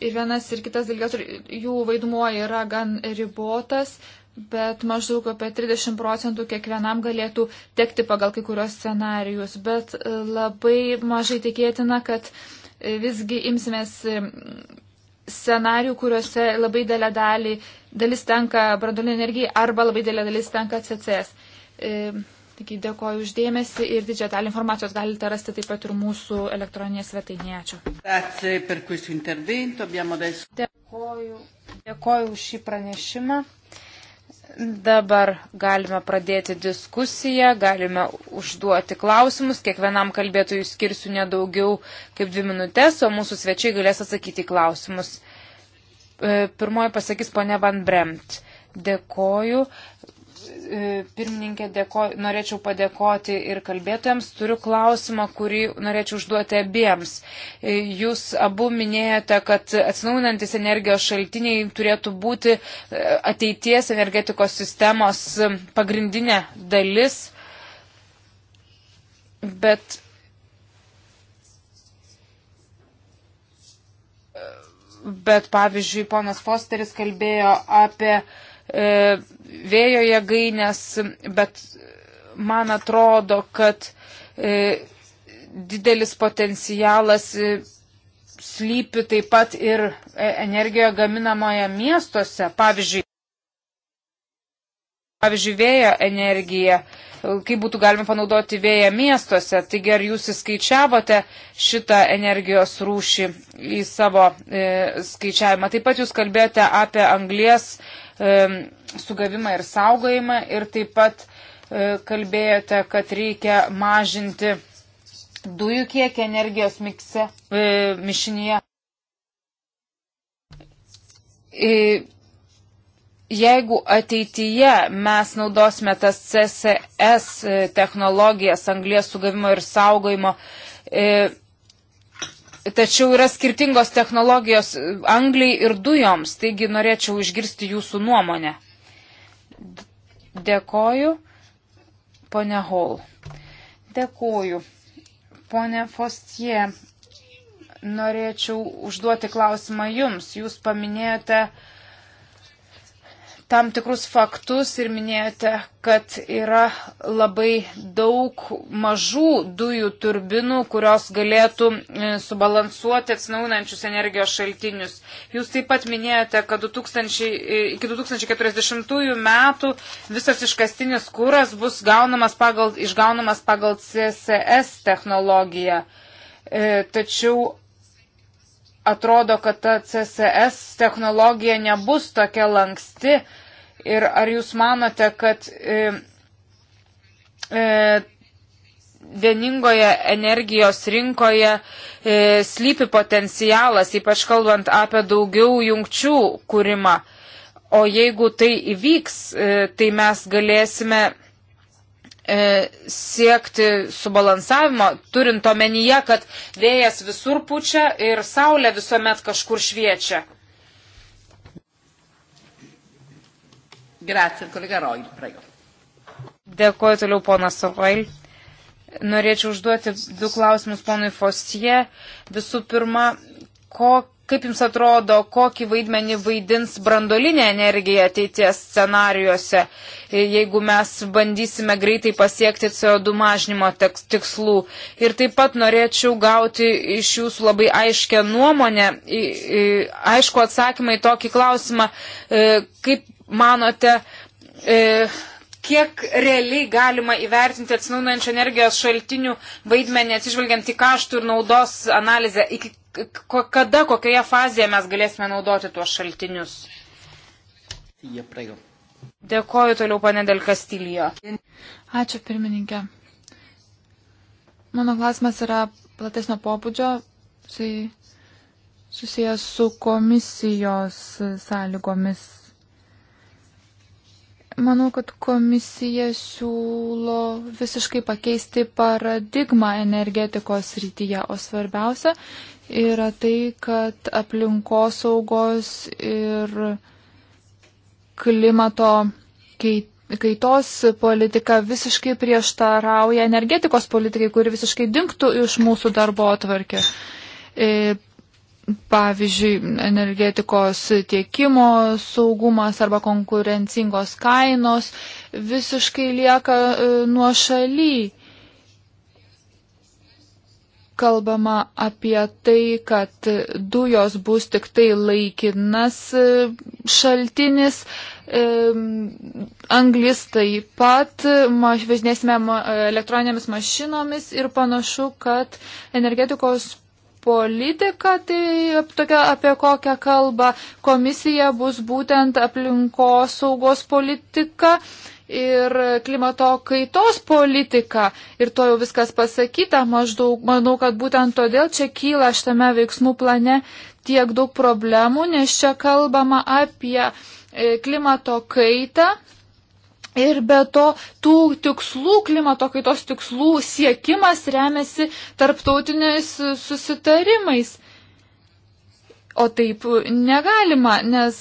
Ir vienas ir kitas dalykas, jų vaidmuo yra gan ribotas, bet maždaug apie 30 procentų kiekvienam galėtų tekti pagal kai kurios scenarijus. Bet e, labai mažai tikėtina, kad e, visgi imsimės scenarių, kuriuose labai dėlė dalį, dalis tenka branduolinė energija arba labai dėlė dalis tenka CCS. E, Taigi dėkoju uždėmesi ir didžiąją dalį informacijos galite rasti taip pat ir mūsų elektroninėje svetainėje.
Ačiū.
Dėkoju, dėkoju už šį pranešimą.
Dabar galime pradėti diskusiją, galime užduoti klausimus. Kiekvienam kalbėtojui skirsiu nedaugiau kaip dvi minutės, o mūsų svečiai galės atsakyti klausimus. E, pirmoji pasakys ponia Van Bremt. Dėkoju. E, pirmininkė, dėko, norėčiau padėkoti ir kalbėtojams. Turiu klausimą, kurį norėčiau užduoti abiems. E, jūs abu minėjote, kad atsinaujinantis energijos šaltiniai turėtų būti e, ateities energetikos sistemos pagrindinė dalis. Bet bet pavyzdžiui, ponas Fosteris kalbėjo apie E, vėjo jėgainės, bet man atrodo, kad e, didelis potencialas e, slypi taip pat ir energijoje gaminamoje miestuose. Pavyzdžiui, pavyzdžiui, vėjo energija, kaip būtų galima panaudoti vėją miestuose. Taigi, ar jūs įskaičiavote šitą energijos rūšį į savo e, skaičiavimą? Taip pat jūs kalbėjote apie anglės sugavimą ir saugojimą ir taip pat e, kalbėjote, kad reikia mažinti dujų kiekį energijos mikse, e, mišinyje. E, jeigu ateityje mes naudosime tas CCS technologijas, anglės sugavimo ir saugojimo, Tačiau yra skirtingos technologijos e, angliai ir dujoms, taigi norėčiau išgirsti jūsų nuomonę. Dėkoju, ponė Hall. Dėkoju, ponė Fostie. Norėčiau užduoti klausimą jums. Jūs paminėjote uh, tam tikrus faktus ir minėjote, kad yra labai daug mažų dujų turbinų, kurios galėtų e, subalansuoti atsinaunančius energijos šaltinius. Jūs taip pat minėjote, kad 2000, e, iki 2040 metų visas iškastinis kūras bus gaunamas pagal, išgaunamas pagal CSS technologiją. E, tačiau atrodo, kad ta CSS technologija nebus tokia lanksti ir ar jūs manote, kad e, e, vieningoje energijos rinkoje e, slypi potencialas, ypač kalbant apie daugiau jungčių kūrimą. O jeigu tai įvyks, e, tai mes galėsime E, siekti subalansavimo, turint omenyje, kad vėjas visur pučia ir saulė visuomet kažkur šviečia.
Grazie, kolega Roil, prego.
Dėkuoju toliau, ponas Roil. Norėčiau užduoti du klausimus ponui Fostie. Visų pirma, kokį Kaip Jums atrodo, kokį vaidmenį vaidins brandolinė energija ateities scenarijuose, jeigu mes bandysime greitai pasiekti CO2 mažnymo tikslų? Ir taip pat norėčiau gauti iš Jūsų labai aiškę nuomonę, aišku atsakymą į tokį klausimą, e, kaip manote, e, kiek realiai galima įvertinti atsinaujančio energijos šaltinių vaidmenį atsižvelgiant į kaštų ir naudos analizę, iki kada, kokioje fazėje mes galėsime naudoti tuos šaltinius. Dėkoju toliau, pane Del Kastilijo.
Ačiū, pirmininkė. Mano klausimas yra platesnio pobūdžio, tai susijęs su komisijos sąlygomis Manau, kad komisija siūlo visiškai pakeisti paradigmą energetikos rytyje, o svarbiausia yra tai, kad aplinkosaugos ir klimato kaitos politika visiškai prieštarauja energetikos politikai, kuri visiškai dinktų iš mūsų darbo atvarkė e, pavyzdžiui, energetikos tiekimo saugumas arba konkurencingos kainos visiškai lieka e, nuo šaly. Kalbama apie tai, kad dujos bus tik tai laikinas e, šaltinis, e, anglis taip pat, važinėsime elektroninėmis mašinomis ir panašu, kad energetikos politika, tai tokia, apie kokią kalbą komisija bus būtent aplinkos saugos politika ir klimato kaitos politika. Ir to jau viskas pasakyta, maždaug, manau, kad būtent todėl čia kyla šitame veiksmų plane tiek daug problemų, nes čia kalbama apie e, klimato kaitą Ir be to, tų tikslų, klimato kaitos tikslų siekimas remiasi tarptautiniais susitarimais. O taip negalima, nes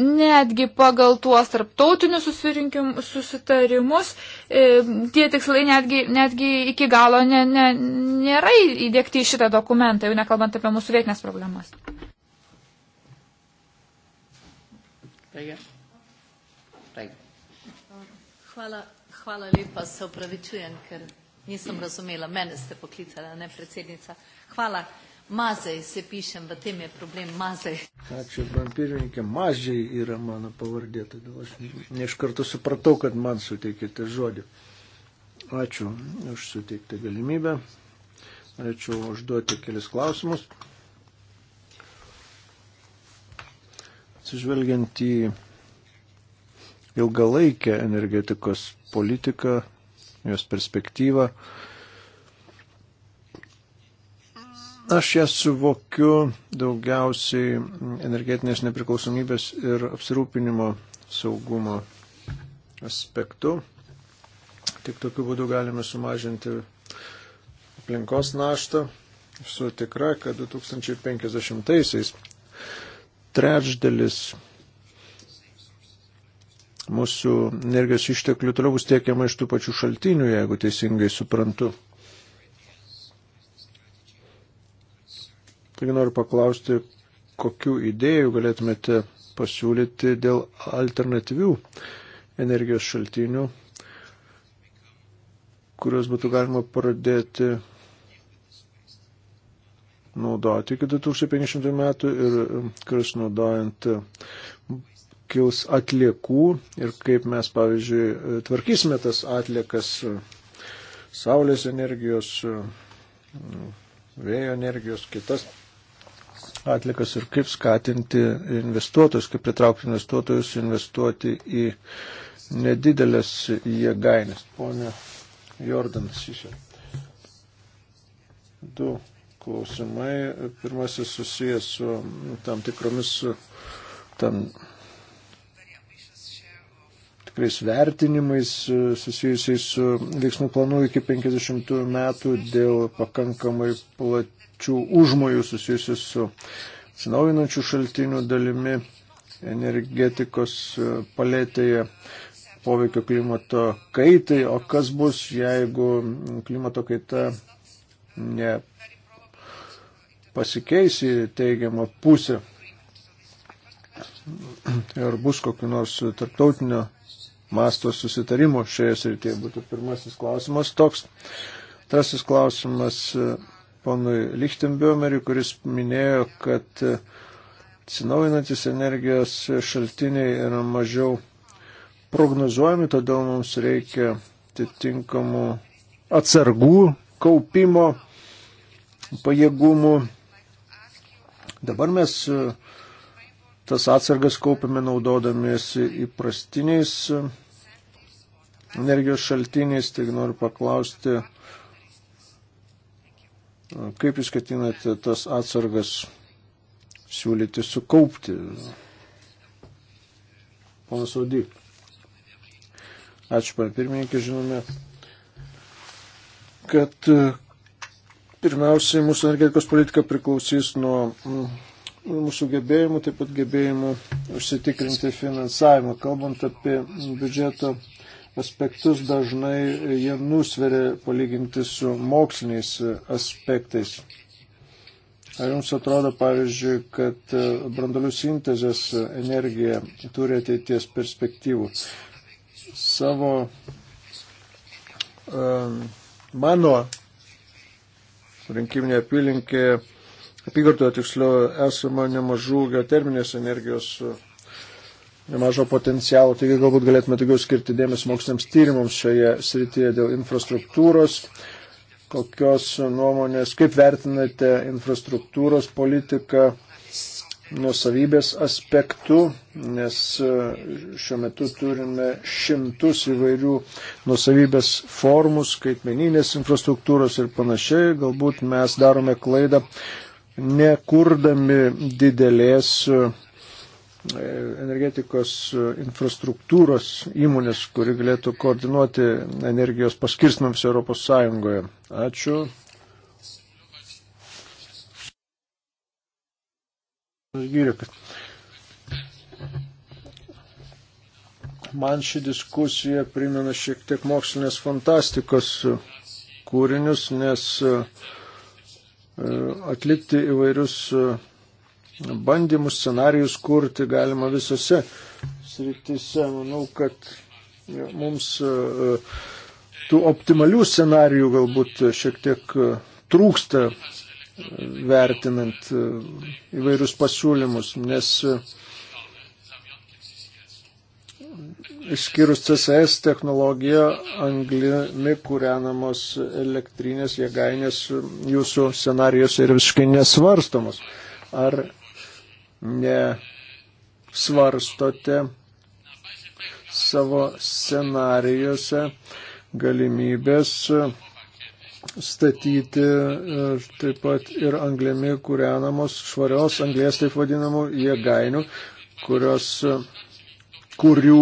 netgi pagal tuos tarptautinius susitarimus e, tie tikslai netgi, netgi iki galo ne, ne, nėra įdėkti į šitą dokumentą, jau nekalbant apie mūsų vietinės problemas. Taigi.
Hvala, hvala lepa, se opravičujem,
ker nisem razumela. Mene ste poklicala, ne predsednica. Hvala. Mazej se pišem, v tem je problem Mazej.
Ačiū, man pirmininkė, Mazej yra mano pavardė, todėl aš ne iš karto supratau, kad man suteikėte žodį. Ačiū už suteiktą galimybę. Ačiū užduoti kelis klausimus. Atsižvelgiant į ilgalaikę energetikos politiką, jos perspektyvą. Aš ją suvokiu daugiausiai energetinės nepriklausomybės ir apsirūpinimo saugumo aspektu. Tik tokiu būdu galime sumažinti aplinkos naštą. Esu tikra, kad 2050-aisiais trečdalis mūsų energijos išteklių toliau bus tiekiama iš tų pačių šaltinių, jeigu teisingai suprantu. Taigi noriu paklausti, kokių idėjų galėtumėte pasiūlyti dėl alternatyvių energijos šaltinių, kuriuos būtų galima pradėti naudoti iki 2500 metų ir e, kuriuos naudojant kils atliekų ir kaip mes, pavyzdžiui, tvarkysime tas atliekas saulės energijos, vėjo energijos, kitas atliekas ir kaip skatinti investuotojus, kaip pritraukti investuotojus investuoti į nedidelės jėgainės. Pone Jordanas, jūs. Du klausimai. Pirmasis susijęs su tam tikromis, tam tikrais vertinimais e, susijusiais su veiksmų planu iki 50 metų dėl pakankamai plačių užmojų susijusių su atsinaujinančių šaltinių dalimi energetikos e, palėtėje poveikio klimato kaitai, o kas bus, jeigu klimato kaita ne pasikeis į teigiamą pusę. Ar bus kokiu nors tarptautinio masto susitarimo šioje srityje būtų pirmasis klausimas toks. Trasis klausimas e, ponui Lichtenbiomeriui, kuris minėjo, kad e, atsinaujinantis energijos šaltiniai yra mažiau prognozuojami, todėl mums reikia atitinkamų atsargų kaupimo pajėgumų. Dabar mes uh, Tas atsargas kaupiame naudodamiesi įprastiniais e, energijos šaltiniais, taigi noriu paklausti, e, kaip jūs ketinate tas atsargas siūlyti sukaupti. Ponas Audy. Ačiū, pan pirmininkė, žinome, kad e, pirmiausiai mūsų energetikos politika priklausys nuo mm, mūsų gebėjimų, taip pat gebėjimų užsitikrinti finansavimą. Kalbant apie biudžeto aspektus, dažnai jie nusveria palyginti su moksliniais aspektais. Ar jums atrodo, pavyzdžiui, kad e, brandolių sintezės energija turi ateities perspektyvų? Savo, um, mano rinkiminė apylinkė apygardoje tiksliau esama nemažų geoterminės energijos, nemažo potencialo, taigi galbūt galėtume daugiau skirti dėmesio moksliniams tyrimams šioje srityje dėl infrastruktūros. Kokios nuomonės, kaip vertinate infrastruktūros politiką nusavybės aspektu, nes e, šiuo metu turime šimtus įvairių nusavybės formų, skaitmeninės infrastruktūros ir panašiai. Galbūt mes darome klaidą nekurdami didelės e, energetikos e, infrastruktūros įmonės, kuri galėtų koordinuoti energijos paskirsmams Europos Sąjungoje. Ačiū. Gyrikas. Man ši diskusija primena šiek tiek mokslinės fantastikos kūrinius, nes uh, E, atlikti įvairius e, bandymus, scenarijus kurti galima visose srityse. Manau, kad e, mums tų optimalių scenarijų galbūt šiek tiek trūksta vertinant įvairius pasiūlymus, nes išskyrus CCS technologiją, anglimi kūrenamos elektrinės jėgainės jūsų scenarijose yra visiškai nesvarstomos. Ar nesvarstote savo scenarijose galimybės statyti e, taip pat ir anglimi kūrenamos švarios anglės taip vadinamų jėgainių, kurios kurių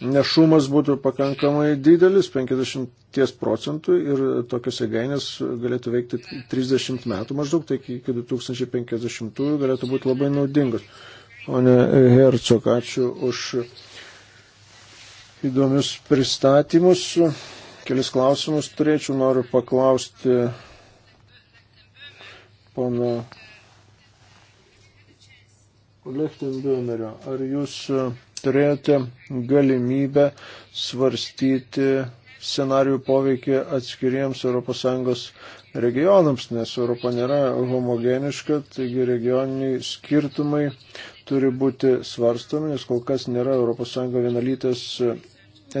našumas būtų pakankamai didelis, 50 procentų ir tokios jėgainės galėtų veikti 30 metų maždaug, tai iki 2050 galėtų būti labai naudingos. Pone Hercog, ačiū už įdomius pristatymus. Kelis klausimus turėčiau, noriu paklausti pono Lechtenbömerio. Ar jūs turėjote galimybę svarstyti scenarių poveikį atskiriems ES regionams, nes Europa nėra homogeniška, taigi regioniniai skirtumai turi būti svarstami, nes kol kas nėra ES vienalytės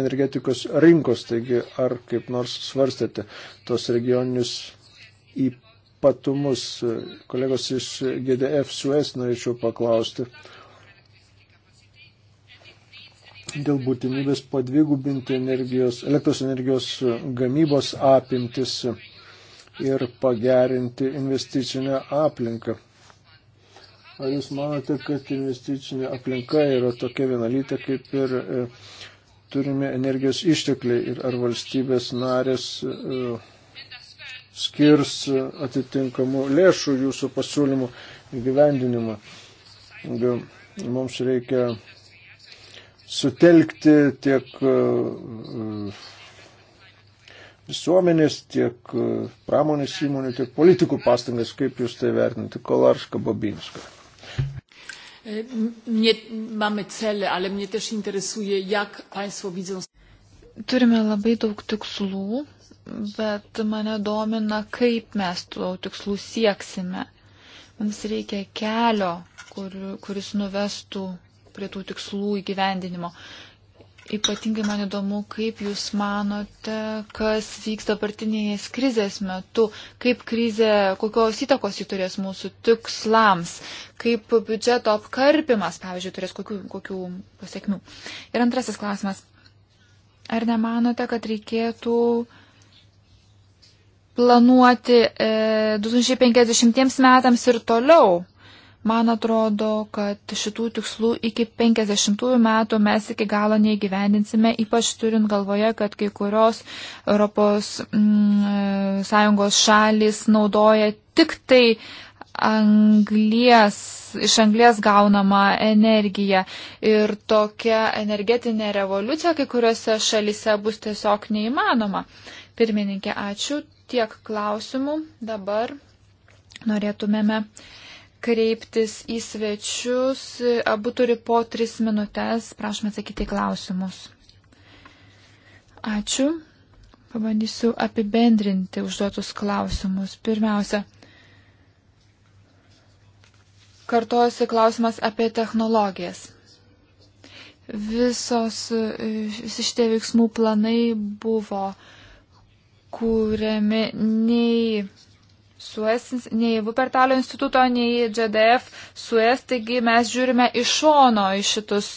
energetikos rinkos, taigi ar kaip nors svarstėte tos regioninius ypatumus. Kolegos iš GDF Suez norėčiau paklausti dėl būtinybės padvigubinti energijos, elektros energijos gamybos apimtis ir pagerinti investicinę aplinką. Ar jūs manote, kad investicinė aplinka yra tokia vienalytė, kaip ir e, turime energijos ištekliai ir ar valstybės narės e, skirs atitinkamų lėšų jūsų pasiūlymų įgyvendinimą? Mums reikia sutelkti tiek e, visuomenės, tiek e, pramonės įmonių, tiek politikų pastangas, kaip jūs tai vertinate, Kolarska, Babinska.
E, mnie, mamy cele, ale mnie też interesuje, jak Państwo widzą. Turime labai daug tikslų, bet mane domina, kaip mes tų tikslų sieksime. Mums reikia kelio, kur, kuris nuvestų prie tų tikslų įgyvendinimo. Ypatingai man įdomu, kaip Jūs manote, kas vyks dabartinės krizės metu, kaip krizė, kokios įtakos jį turės mūsų tikslams, kaip biudžeto apkarpimas, pavyzdžiui, turės kokių, kokių pasiekmių. Ir antrasis klausimas. Ar nemanote, kad reikėtų planuoti e, 2050 metams ir toliau? Man atrodo, kad šitų tikslų iki 50 metų mes iki galo neįgyvendinsime, ypač turint galvoje, kad kai kurios ES mm, šalis naudoja tik tai anglies, iš anglies gaunamą energiją. Ir tokia energetinė revoliucija kai kuriuose šalise bus tiesiog neįmanoma. Pirmininkė, ačiū. Tiek klausimų dabar norėtumėme kreiptis į svečius. Abu turi po tris minutės. Prašome atsakyti klausimus. Ačiū. Pabandysiu apibendrinti užduotus klausimus. Pirmiausia, kartuosi klausimas apie technologijas. Visos, visi šitie veiksmų planai buvo kūriami nei Suez, nei Vupertalio instituto, nei GDF Suez, taigi mes žiūrime iš šono iš šitus,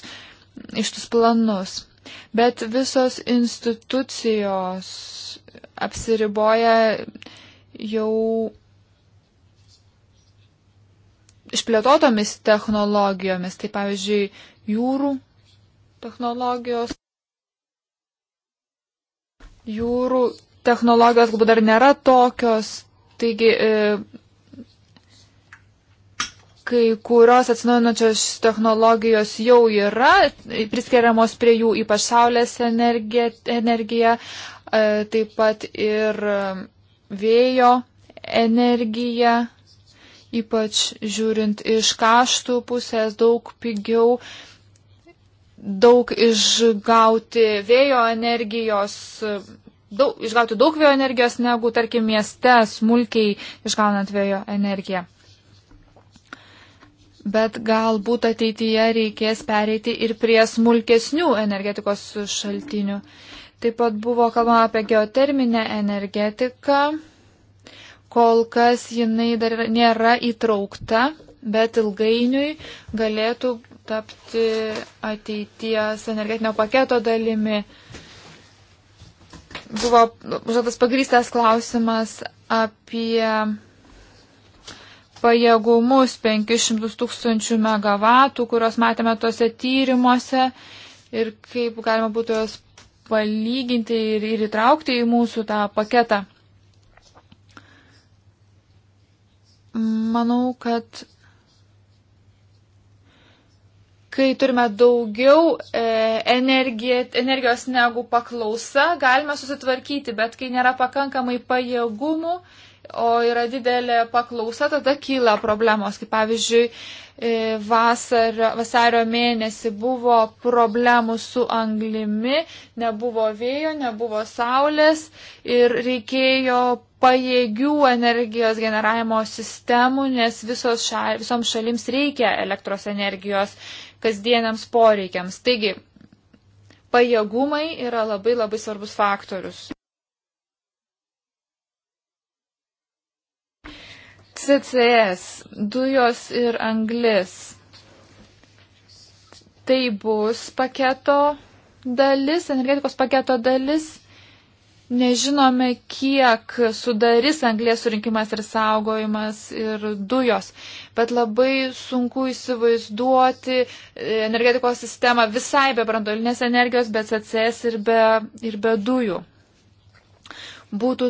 iš tus planus. Bet visos institucijos apsiriboja jau išplėtotomis technologijomis, tai pavyzdžiui, jūrų technologijos. Jūrų technologijos galbūt dar nėra tokios Taigi, e, kai kurios atsinaujinančios technologijos jau yra priskiriamos prie jų, ypač saulės energija, energija e, taip pat ir e, vėjo energija, ypač žiūrint iš kaštų pusės daug pigiau, daug išgauti vėjo energijos daug, išgauti daug vėjo energijos negu, tarkim, mieste smulkiai išgaunant vėjo energiją. Bet galbūt ateityje reikės pereiti ir prie smulkesnių energetikos šaltinių. Taip pat buvo kalbama apie geoterminę energetiką. Kol kas jinai dar nėra įtraukta, bet ilgainiui galėtų tapti ateities energetinio paketo dalimi. Uh, buvo užduotas pagrystas klausimas apie pajėgumus 500 tūkstančių megavatų, kuriuos matėme tuose tyrimuose ir kaip galima būtų juos palyginti ir, ir įtraukti į mūsų tą paketą. Manau, kad kai turime daugiau e, energijos negu paklausa, galime susitvarkyti, bet kai nėra pakankamai pajėgumų, o yra didelė paklausa, tada kyla problemos. Kaip pavyzdžiui, e, vasario, vasario mėnesį buvo problemų su anglimi, nebuvo vėjo, nebuvo saulės ir reikėjo pajėgių energijos generavimo sistemų, nes šal, visoms šalims reikia elektros energijos kasdieniams poreikiams. Taigi, pajėgumai yra labai labai svarbus faktorius. CCS, dujos ir anglis. Tai bus paketo dalis, energetikos paketo dalis. Nežinome, kiek sudarys anglės surinkimas ir saugojimas ir dujos, bet labai sunku įsivaizduoti e, energetikos sistemą visai be brandolinės energijos, be CCS ir be, ir be dujų. Būtų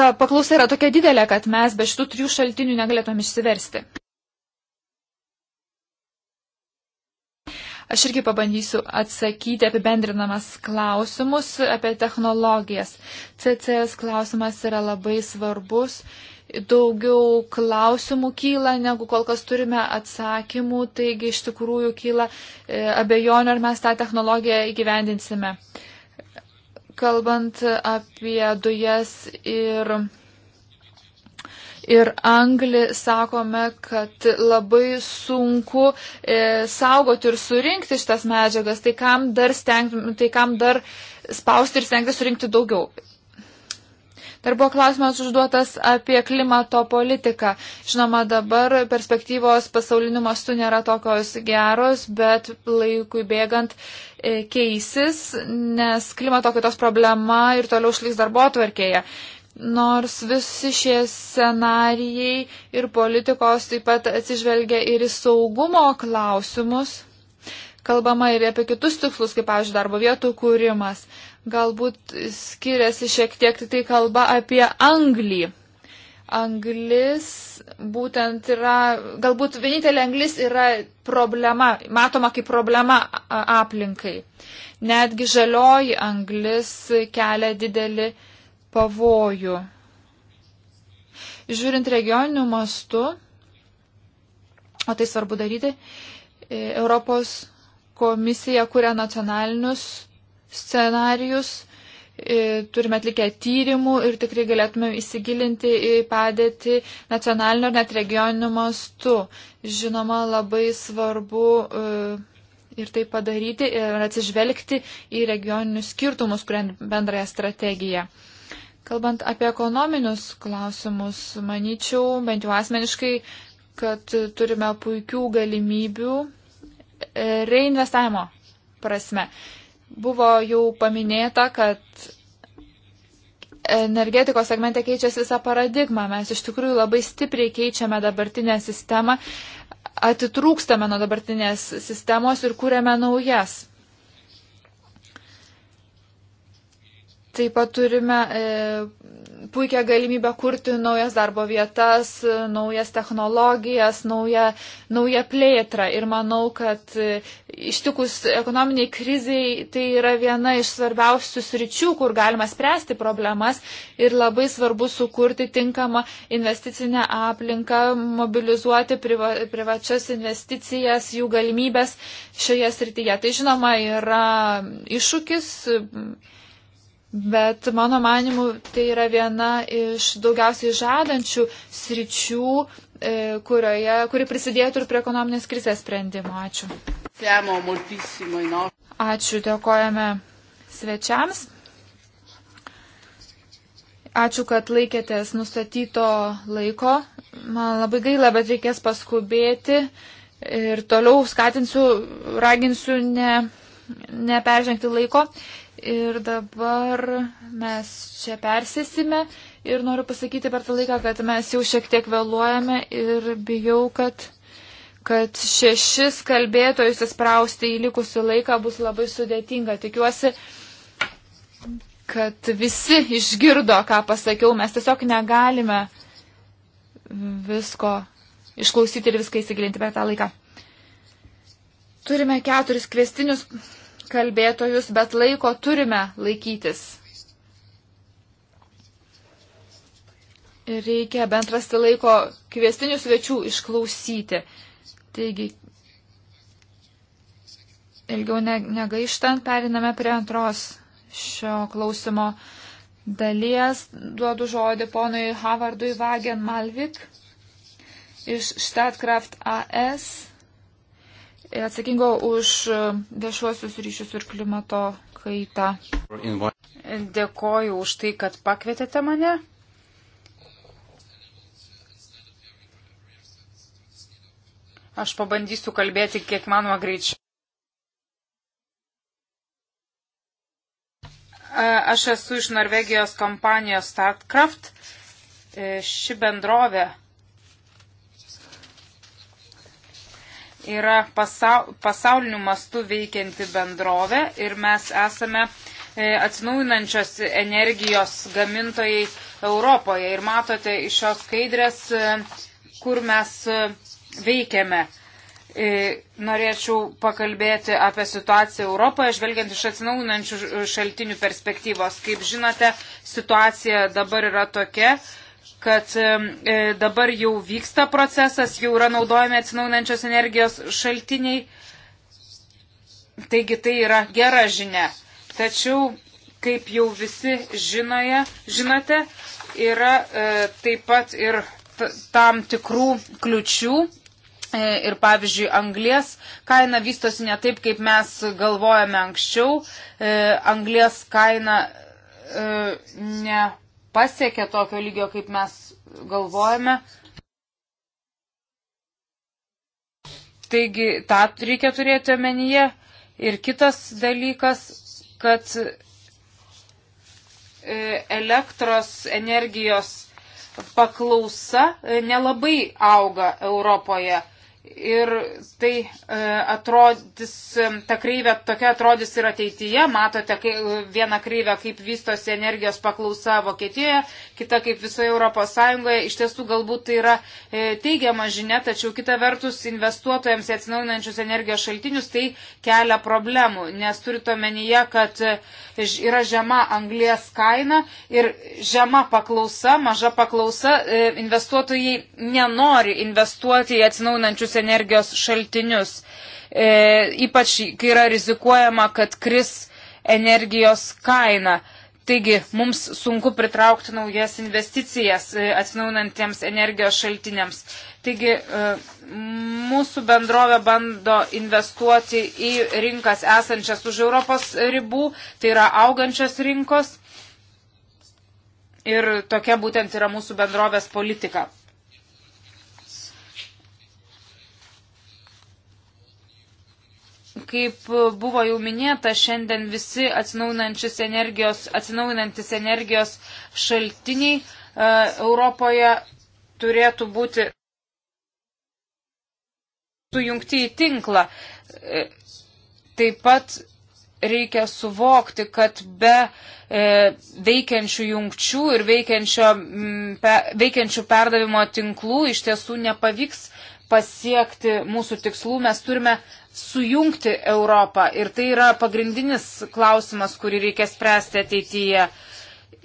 ta paklausa yra tokia didelė, kad mes be šitų trijų šaltinių negalėtumėm išsiversti. Aš irgi pabandysiu atsakyti apibendrinamas klausimus apie technologijas. CCS klausimas yra labai svarbus. Daugiau klausimų kyla, negu kol kas turime atsakymų, taigi iš tikrųjų kyla e, abejonių, ar mes tą technologiją įgyvendinsime. Kalbant apie dujas ir ir anglį sakome, kad labai sunku e, saugoti ir surinkti šitas medžiagas, tai kam dar, steng, tai kam dar spausti ir stengti surinkti daugiau. Dar buvo klausimas užduotas apie klimato politiką. Žinoma, dabar perspektyvos pasauliniu mastu nėra tokios geros, bet laikui bėgant e, keisis, nes klimato kaitos problema ir toliau išliks darbo atverkėje nors visi šie scenarijai ir politikos taip pat atsižvelgia ir į saugumo klausimus. Kalbama ir apie kitus tikslus, kaip, pavyzdžiui, darbo vietų kūrimas. Galbūt skiriasi šiek tiek tai kalba apie Anglį. Anglis būtent yra, galbūt vienintelė anglis yra problema, matoma kaip problema aplinkai. Netgi žalioji anglis kelia didelį uh, pavojų. Žiūrint regioninių mastų, o tai svarbu daryti, e, Europos komisija kuria nacionalinius scenarius, e, turime atlikę tyrimų ir tikrai galėtume įsigilinti į padėtį nacionalinio ir net regioniniu mastu. Žinoma, labai svarbu e, ir tai padaryti ir atsižvelgti į regioninius skirtumus, kuriant bendrąją strategiją. Kalbant apie ekonominius klausimus, manyčiau, bent jau asmeniškai, kad turime puikių galimybių e, reinvestavimo prasme. Buvo jau paminėta, kad energetikos segmente keičiasi visa paradigma. Mes iš tikrųjų labai stipriai keičiame dabartinę sistemą, atitrūkstame nuo dabartinės sistemos ir kūrėme naujas. Taip pat turime e, puikią galimybę kurti naujas darbo vietas, naujas technologijas, naują, naują plėtrą. Ir manau, kad e, ištikus ekonominiai kriziai tai yra viena iš svarbiausių sričių, kur galima spręsti problemas ir labai svarbu sukurti tinkamą investicinę aplinką, mobilizuoti priva, privačias investicijas, jų galimybės šioje srityje. Tai žinoma yra iššūkis Bet mano manimu, tai yra viena iš daugiausiai žadančių sričių, e, kurioje, kuri prisidėtų ir prie ekonominės krizės sprendimo. Ačiū. Ačiū, dėkojame svečiams. Ačiū, kad laikėtės nustatyto laiko. Man labai gaila, bet reikės paskubėti ir toliau skatinsiu, raginsiu ne, neperžengti laiko. Ir dabar mes čia persėsime ir noriu pasakyti per tą laiką, kad mes jau šiek tiek vėluojame ir bijau, kad, kad šešis kalbėtojus įsprausti į likusį laiką bus labai sudėtinga. Tikiuosi, kad visi išgirdo, ką pasakiau. Mes tiesiog negalime visko išklausyti ir viską įsigilinti per tą laiką. Turime keturis kvestinius kalbėtojus, bet laiko turime laikytis. Ir reikia bent rasti laiko kviestinių svečių išklausyti. Taigi, ilgiau negaištant, periname prie antros šio klausimo dalies. Duodu žodį ponui Havardui Vagen Malvik iš Statkraft AS atsakingo už e, viešuosius ryšius ir klimato kaitą. Dėkoju už tai, kad pakvietėte mane.
Aš pabandysiu kalbėti kiek manoma greičiau. E, aš esu iš Norvegijos kompanijos StartCraft. E, ši bendrovė yra pasauliniu mastu veikianti bendrovė ir mes esame e, atsinaujinančios energijos gamintojai Europoje. Ir matote iš šios skaidrės, e, kur mes e, veikiame. Norėčiau pakalbėti apie situaciją Europoje, žvelgiant iš atsinaujinančių šaltinių perspektyvos. Kaip žinote, situacija dabar yra tokia, kad e, e, dabar jau vyksta procesas, jau yra naudojami atsinaunančios energijos šaltiniai. Taigi tai yra gera žinia. Tačiau, kaip jau visi žinoje, žinote, yra e, taip pat ir tam tikrų kliučių. E, ir pavyzdžiui, anglės kaina vystosi ne taip, kaip mes galvojame anksčiau. E, anglės kaina e, ne pasiekė tokio lygio, kaip mes galvojame. Taigi, tą reikia turėti omenyje. Ir kitas dalykas, kad e, elektros energijos paklausa e, nelabai auga Europoje. Ir tai e, atrodys, e, ta kreivė tokia atrodys ir ateityje. Matote kai, e, vieną kreivę, kaip vystosi energijos paklausa Vokietijoje, kita kaip visoje Europos Sąjungoje. Iš tiesų galbūt tai yra e, teigiama žinia, tačiau kita vertus investuotojams į atsinaujinančius energijos šaltinius tai kelia problemų, nes turite omenyje, kad e, yra žema anglės kaina ir žema paklausa, maža paklausa, e, investuotojai nenori investuoti į atsinaujinančius energijos šaltinius. E, ypač, kai yra rizikuojama, kad kris energijos kaina. E, Taigi, mums sunku pritraukti naujas investicijas e, atsinaunantiems energijos šaltiniams. Taigi, e, mūsų bendrovė bando investuoti į rinkas esančias už Europos ribų, tai yra augančios rinkos. Ir tokia būtent yra mūsų bendrovės politika. Kaip buvo jau minėta, šiandien visi atsinaujinantis energijos, energijos šaltiniai e, Europoje turėtų būti sujungti į tinklą. E, taip pat reikia suvokti, kad be e, veikiančių jungčių ir veikiančio, m, pe, veikiančių perdavimo tinklų iš tiesų nepavyks pasiekti mūsų tikslų, mes turime sujungti Europą. Ir tai yra pagrindinis klausimas, kurį reikia spręsti ateityje.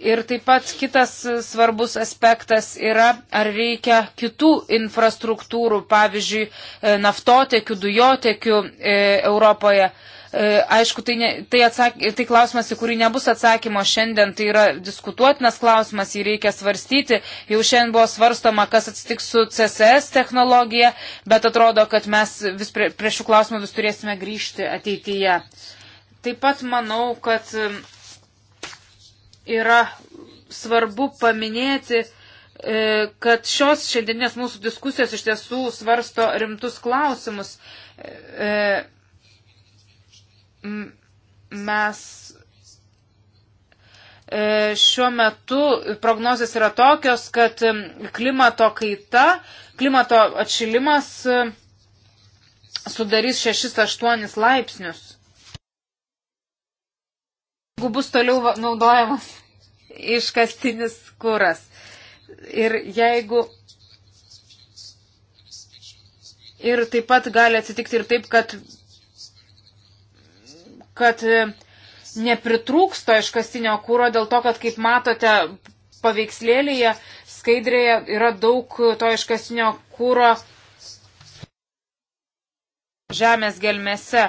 Ir taip pat kitas svarbus aspektas yra, ar reikia kitų infrastruktūrų, pavyzdžiui, e, naftotekių, dujotekių e, Europoje. E, aišku, tai, ne, tai, atsak, tai klausimas, į kurį nebus atsakymo šiandien, tai yra diskutuotinas klausimas, jį reikia svarstyti. Jau šiandien buvo svarstoma, kas atsitiks su CSS technologija, bet atrodo, kad mes vis prie, prie šių klausimų vis turėsime grįžti ateityje. Taip pat manau, kad e, yra svarbu paminėti, e, kad šios šiandienės mūsų diskusijos iš tiesų svarsto rimtus klausimus. E, mes e, šiuo metu prognozijas yra tokios, kad klimato kaita, klimato atšilimas e, sudarys 6-8 laipsnius. Jeigu bus toliau naudojamas iškastinis kuras. Ir jeigu Ir taip pat gali atsitikti ir taip, kad kad e, nepritrūksto iškastinio kūro dėl to, kad, kaip matote, paveikslėlėje skaidrėje yra daug to iškastinio kūro žemės gelmėse.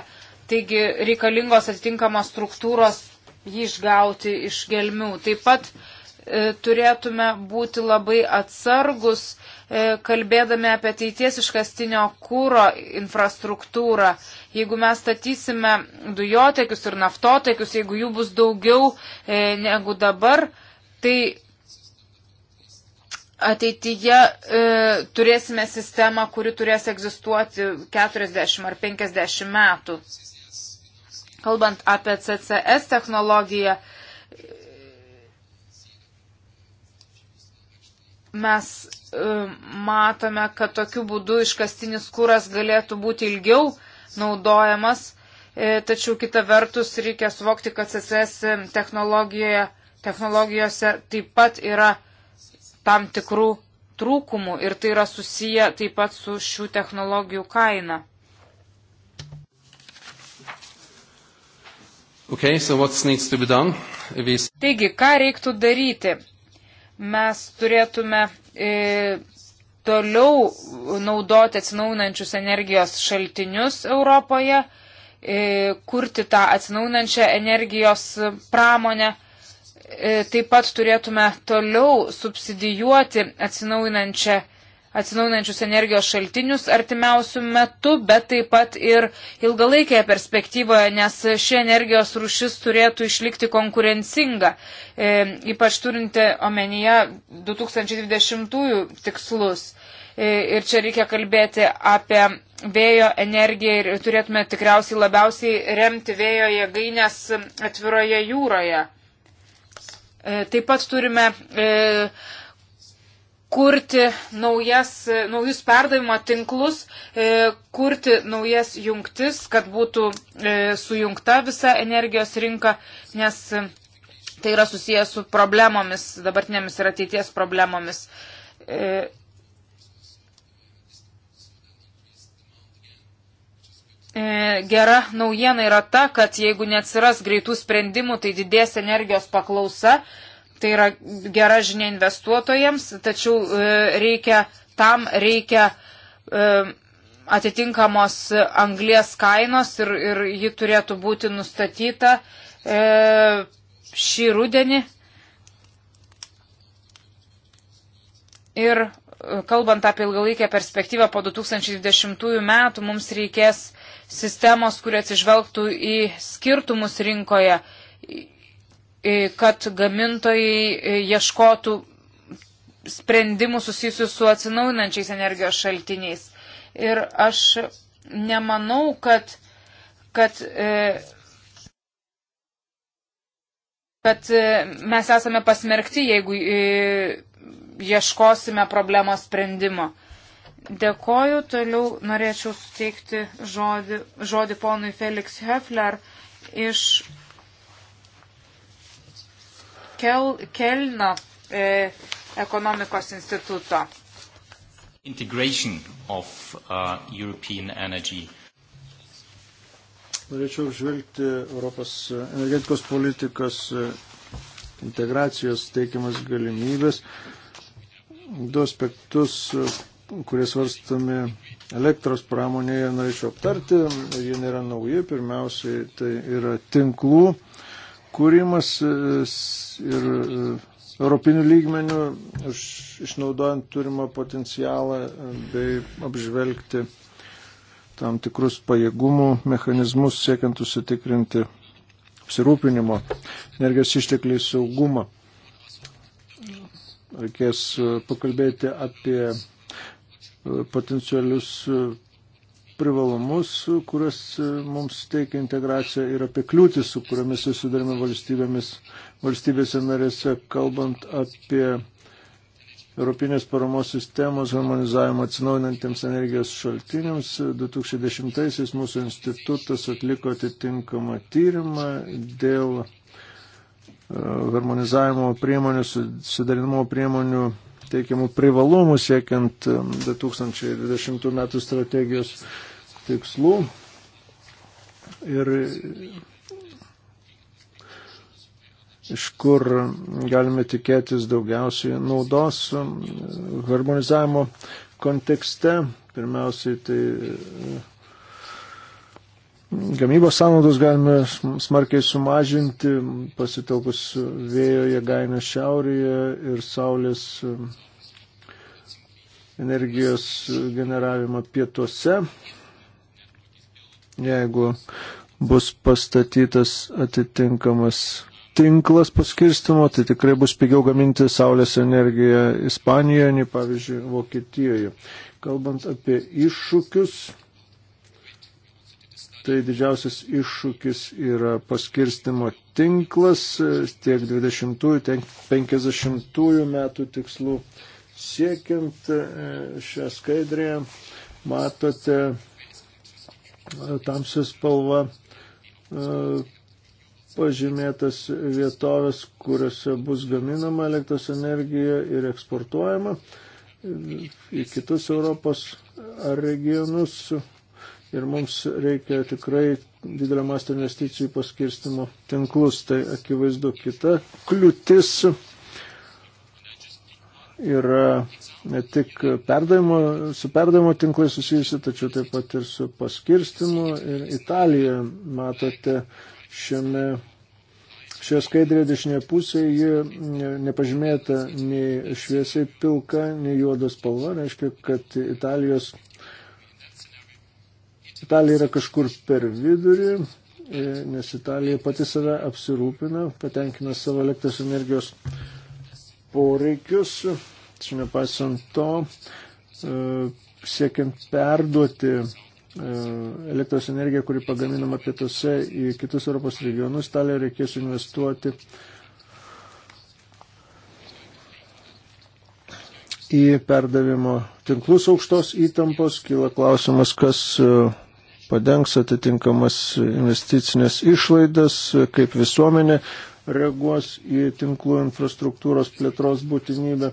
Taigi reikalingos atitinkamos struktūros jį išgauti iš gelmių. Taip pat uh, E, turėtume būti labai atsargus, e, kalbėdami apie ateities iškastinio kūro infrastruktūrą. Jeigu mes statysime dujotekius ir naftotekius, jeigu jų bus daugiau e, negu dabar, tai ateityje e, turėsime sistemą, kuri turės egzistuoti 40 ar 50 metų. Kalbant apie CCS technologiją, e, mes e, matome, kad tokiu būdu iškastinis kūras galėtų būti ilgiau naudojamas, e, tačiau kita vertus reikia suvokti, kad CCS technologijose taip pat yra tam tikrų trūkumų ir tai yra susiję taip pat su šių technologijų kaina. Okay, so Taigi, ką reiktų daryti? mes turėtume e, toliau naudoti atsinaunančius energijos šaltinius Europoje, e, kurti tą atsinaunančią energijos pramonę. E, taip pat turėtume toliau subsidijuoti atsinaunančią energiją atsinaujinančius energijos šaltinius artimiausių metų, bet taip pat ir ilgalaikėje perspektyvoje, nes ši energijos rušis turėtų išlikti konkurencinga, e, ypač turinti omenyje 2020 tikslus. E, ir čia reikia kalbėti apie vėjo energiją ir turėtume tikriausiai labiausiai remti vėjo jėgainės atviroje jūroje. E, taip pat turime e, kurti naujas, naujus perdavimo tinklus, e, kurti naujas jungtis, kad būtų e, sujungta visa energijos rinka, nes e, tai yra susijęs su problemomis, dabartinėmis ir ateities problemomis. E, e, Gera naujiena yra ta, kad jeigu neatsiras greitų sprendimų, tai didės energijos paklausa, Tai yra gera žinia investuotojams, tačiau e, reikia, tam reikia e, atitinkamos anglės kainos ir, ir ji turėtų būti nustatyta e, šį rudenį. Ir e, kalbant apie ilgalaikę perspektyvą po 2020 metų, mums reikės sistemos, kurie atsižvelgtų į skirtumus rinkoje, E, kad gamintojai e, ieškotų sprendimų susijusių su atsinaujinančiais energijos šaltiniais. Ir aš nemanau, kad, kad, e, kad mes esame pasmerkti, jeigu ieškosime problemos sprendimo. Dėkoju, toliau norėčiau suteikti žodį, žodį ponui Felix Hefler iš Kel, Kelno e, ekonomikos
instituto.
Of, uh,
Norėčiau apžvelgti Europos energetikos politikos e, integracijos teikiamas galimybės. Du aspektus, e, kurie svarstami elektros pramonėje, norėčiau aptarti. Jie nėra nauji. Pirmiausiai tai yra tinklų kūrimas e, ir e, europinių lygmenių, išnaudojant turimą potencialą e, bei apžvelgti tam tikrus pajėgumų mechanizmus, siekiant užsitikrinti apsirūpinimo energijos ištekliai saugumą. Reikės pakalbėti apie potencialius privalumus, kuriuos e, mums teikia integracija ir apie kliūtis, su kuriamis susidarėme valstybėse narėse, kalbant apie Europinės paramos sistemos harmonizavimo atsinaujinantiems energijos šaltiniams. 2010-aisiais mūsų institutas atliko atitinkamą tyrimą dėl e, harmonizavimo priemonių, sudarinimo priemonių teikiamų privalumų siekiant 2020 e, metų strategijos tikslų ir iš kur galime tikėtis daugiausiai naudos harmonizavimo kontekste. Pirmiausiai, tai e, gamybos sąnaudos galime smarkiai sumažinti, pasitelkus vėjo jėgainę šiaurėje ir saulės e, energijos generavimą pietuose jeigu bus pastatytas atitinkamas tinklas paskirstimo, tai tikrai bus pigiau gaminti saulės energiją Ispanijoje, nei pavyzdžiui, Vokietijoje. Kalbant apie iššūkius, tai didžiausias iššūkis yra paskirstimo tinklas tiek 20, tiek 50 metų tikslų siekiant e, šią skaidrėje. Matote tamsią spalvą e, pažymėtas vietovės, kuriuose bus gaminama elektros energija ir eksportuojama į kitus Europos regionus. Ir mums reikia tikrai didelio masto investicijų paskirstimo tinklus. Tai akivaizdu kita kliūtis yra ne tik perdavimo, su perdavimo tinklai susijusi, tačiau taip pat ir su paskirstimu. Ir Italija, matote, šiame, šioje skaidrėje dešinėje pusėje ji nepažymėta nei šviesiai pilka, nei juoda spalva. Reiškia, kad Italijos, Italija yra kažkur per vidurį, e, nes Italija pati save apsirūpina, patenkina savo elektros energijos poreikius, tačiau nepaisant to, e, siekiant perduoti e, elektros energiją, kuri pagaminama pietuose į kitus Europos regionus, Italijoje reikės investuoti į perdavimo tinklus aukštos įtampos. Kyla klausimas, kas e, padengs atitinkamas investicinės išlaidas, kaip visuomenė reaguos į tinklų infrastruktūros plėtros būtinybę.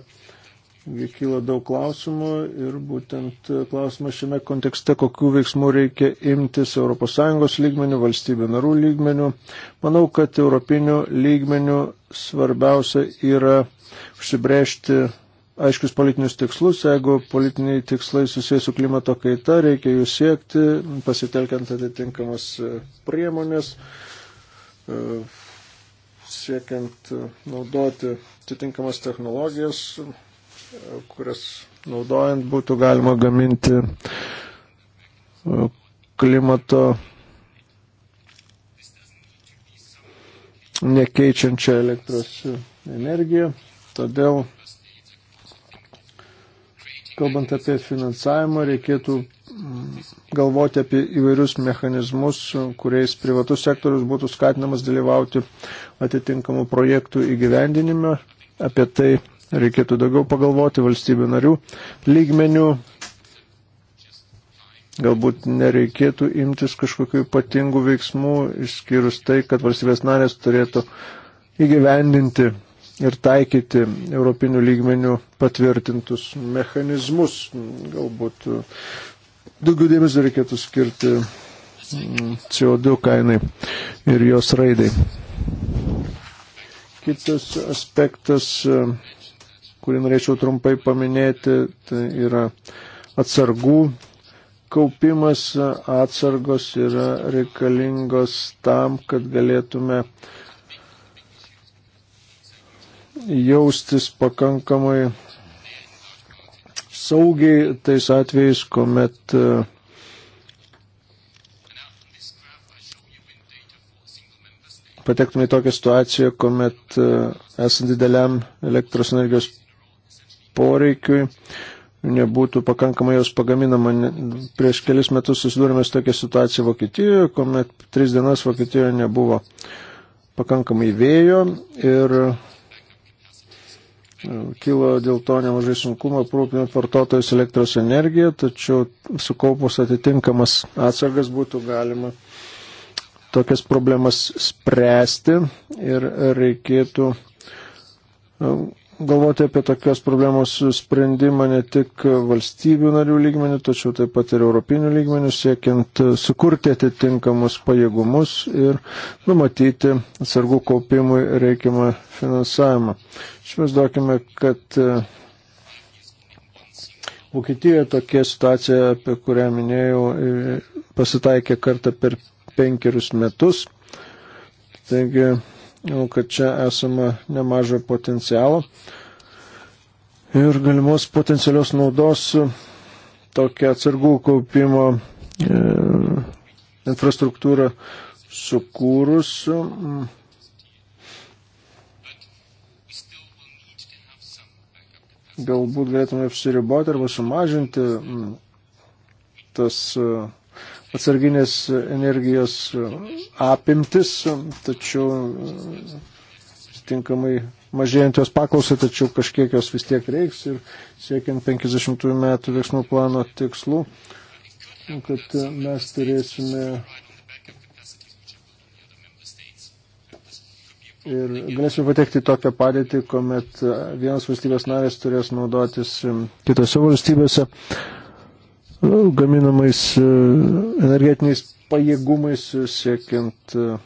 Kyla daug klausimų ir būtent klausimas šiame kontekste, kokių veiksmų reikia imtis ES lygmenių, valstybių narų lygmenių. Manau, kad europinių lygmenių svarbiausia yra užsibrėžti aiškius politinius tikslus. Jeigu politiniai tikslai susijęs su klimato kaita, reikia jų siekti, pasitelkiant atitinkamas priemonės. Uh, siekiant naudoti atitinkamas technologijas, kurias naudojant būtų galima gaminti e, klimato nekeičiančią elektros energiją. Todėl, kalbant apie finansavimą, reikėtų mm, galvoti apie įvairius mechanizmus, kuriais privatus sektorius būtų skatinamas dalyvauti atitinkamų projektų įgyvendinime. Apie tai reikėtų daugiau pagalvoti valstybių narių lygmenių. Galbūt nereikėtų imtis kažkokių ypatingų veiksmų, išskyrus tai, kad valstybės narės turėtų įgyvendinti ir taikyti europinių lygmenių patvirtintus mechanizmus. Galbūt daugiau dėmesio reikėtų skirti mm, CO2 kainai ir jos raidai. Kitas aspektas, e, kurį norėčiau trumpai paminėti, tai yra atsargų kaupimas. Atsargos yra reikalingos tam, kad galėtume jaustis pakankamai saugiai tais atvejais, kuomet e, patektume į tokią situaciją, kuomet e, esant dideliam elektros energijos poreikiui nebūtų pakankamai jos pagaminama. Prieš kelis metus susidūrėme su tokia situacija Vokietijoje, kuomet tris dienas Vokietijoje nebuvo pakankamai vėjo ir kilo dėl to nemažai sunkumų aprūpinant vartotojus elektros energiją, tačiau sukaupus atitinkamas atsargas būtų galima tokias problemas spręsti ir reikėtų galvoti apie tokios problemos sprendimą ne tik valstybių narių lygmenių, tačiau taip pat ir europinių lygmenių, siekiant sukurti atitinkamus pajėgumus ir numatyti atsargų kaupimui reikiamą finansavimą. Išmesduokime, kad e, Vokietijoje tokia situacija, apie kurią minėjau, e, pasitaikė kartą per penkerius metus. Taigi Manau, kad čia esame nemažą potencialą ir galimos potencialios naudos tokia atsargų kaupimo e, infrastruktūra sukūrus. Galbūt galėtume apsiriboti arba sumažinti tas atsarginės energijos apimtis, tačiau e, tinkamai mažėjant jos paklausą, tačiau kažkiek jos vis tiek reiks ir siekiant 50 metų veiksmų plano tikslų, kad mes turėsime ir galėsime patekti į tokią padėtį, kuomet vienas valstybės narės turės naudotis kitose valstybėse Nu, gaminamais e, energetiniais pajėgumais e, siekiant e,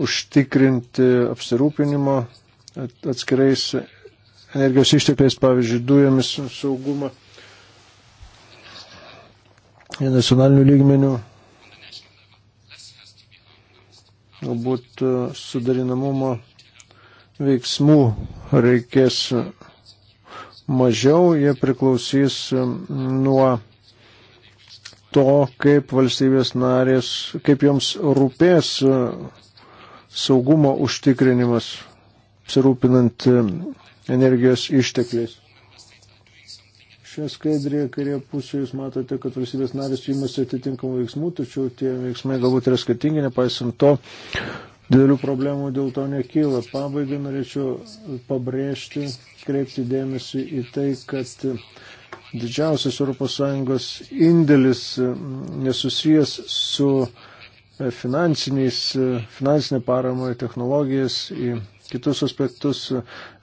užtikrinti apsirūpinimo atskirais energijos ištekliais, pavyzdžiui, dujomis saugumą nacionalinių lygmenių. Galbūt sudarinamumo veiksmų reikės mažiau, jie priklausys um, nuo to, kaip valstybės narės, kaip joms rūpės uh, saugumo užtikrinimas, apsirūpinant um, energijos ištekliais. Šią skaidrėje kairėje pusėje jūs matote, kad valstybės narės įmasi atitinkamų veiksmų, tačiau tie veiksmai galbūt yra skirtingi, nepaisant to, Didelių problemų dėl to nekyla. Pabaigai norėčiau pabrėžti, kreipti dėmesį į tai, kad didžiausias ES indėlis mm, nesusijęs su e, finansiniais, e, finansinė parama į technologijas, į kitus aspektus.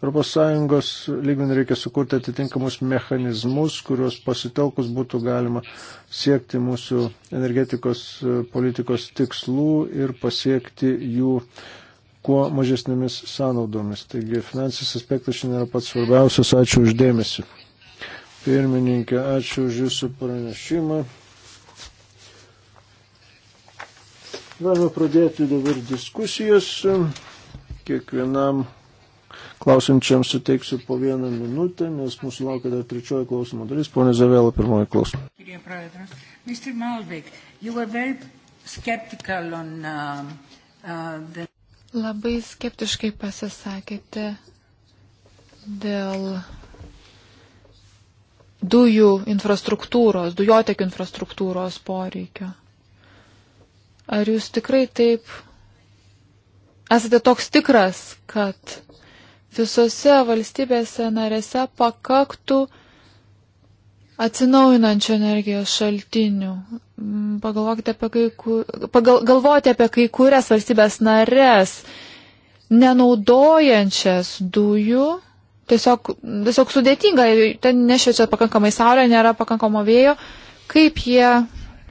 ES lygmenį reikia sukurti atitinkamus mechanizmus, kuriuos pasitelkus būtų galima siekti mūsų energetikos e, politikos tikslų ir pasiekti jų kuo mažesnėmis sąnaudomis. Taigi finansinis aspektas šiandien yra pats svarbiausias. Ačiū uždėmesi. Pirmininkė, ačiū už Jūsų pranešimą. Galime pradėti dabar diskusijas. Kiekvienam klausimčiam suteiksiu po vieną minutę, nes mūsų laukia dar trečioji klausimo dalis. Pone Zavėla, pirmoji klausimas.
Um, uh,
Labai skeptiškai pasisakėte dėl dujų infrastruktūros, dujotekio infrastruktūros poreikio. Ar jūs tikrai taip esate toks tikras, kad visose valstybėse narėse pakaktų atsinaujinančių energijos šaltinių. Mm, pagalvokite apie kai, kur, pagal, galvoti apie kai kurias valstybės narės, nenaudojančias dujų. Tiesiog, tiesiog sudėtinga, ten nešviečia pakankamai saulė, nėra pakankamo vėjo. Kaip jie,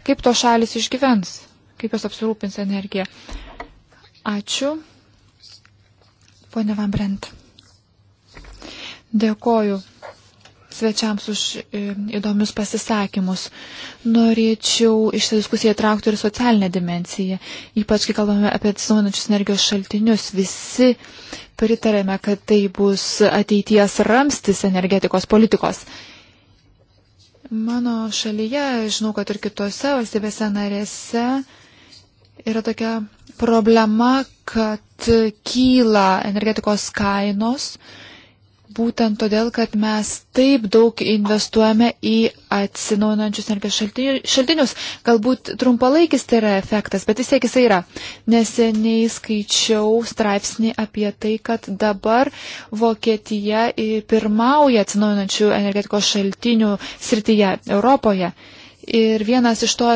kaip to šalis išgyvens, kaip jos apsirūpins energiją. Ačiū. Pone Van Brent. Dėkoju svečiams už e, įdomius pasisakymus. Norėčiau iš šią diskusiją traukti ir socialinę dimenciją, ypač kai kalbame apie atsinaujinančius energijos šaltinius. Visi pritarėme, kad tai bus ateities ramstis energetikos politikos. Mano šalyje, žinau, kad ir kitose valstybėse narėse yra tokia problema, kad kyla energetikos kainos būtent todėl, kad mes taip daug investuojame į atsinaujinančius energijos šaltinius. Galbūt trumpalaikis tai yra efektas, bet vis tiek jisai yra. Neseniai skaičiau straipsnį apie tai, kad dabar Vokietija pirmauja atsinaujinančių energetikos šaltinių srityje Europoje. Ir vienas iš to,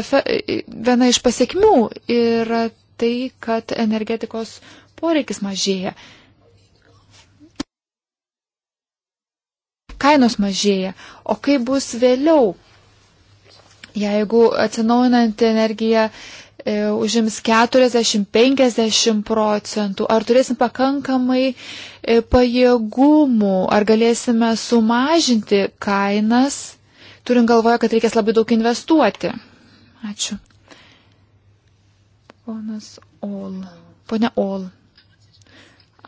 viena iš pasiekmių yra tai, kad energetikos poreikis mažėja. Kainos mažėja. O kaip bus vėliau, jeigu atsinaujinanti energija e, užims 40-50 procentų, ar turėsim pakankamai e, pajėgumų, ar galėsime sumažinti kainas turint galvoje, kad reikės labai daug investuoti. Ačiū. Ponas Ol. Pone Ol.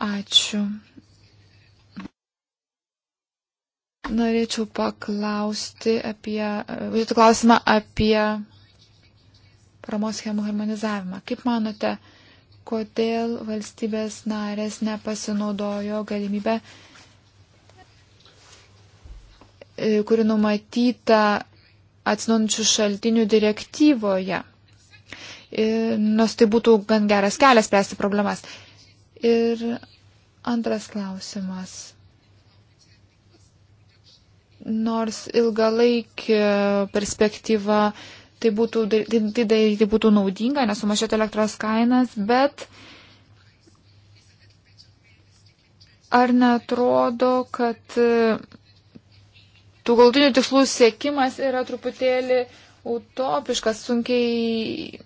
Ačiū. Norėčiau paklausti apie, jūsų klausimą apie paramos schemų harmonizavimą. Kaip manote, kodėl valstybės narės nepasinaudojo galimybę E, kuri numatyta atsinaujančių šaltinių direktyvoje. E, nors tai būtų gan geras kelias spręsti problemas. Ir antras klausimas. Nors ilgalaikė perspektyva tai būtų, tai, tai, tai būtų naudinga, nes sumažėtų elektros kainas, bet ar netrodo, kad tų galutinių tikslų siekimas yra truputėlį utopiškas, sunkiai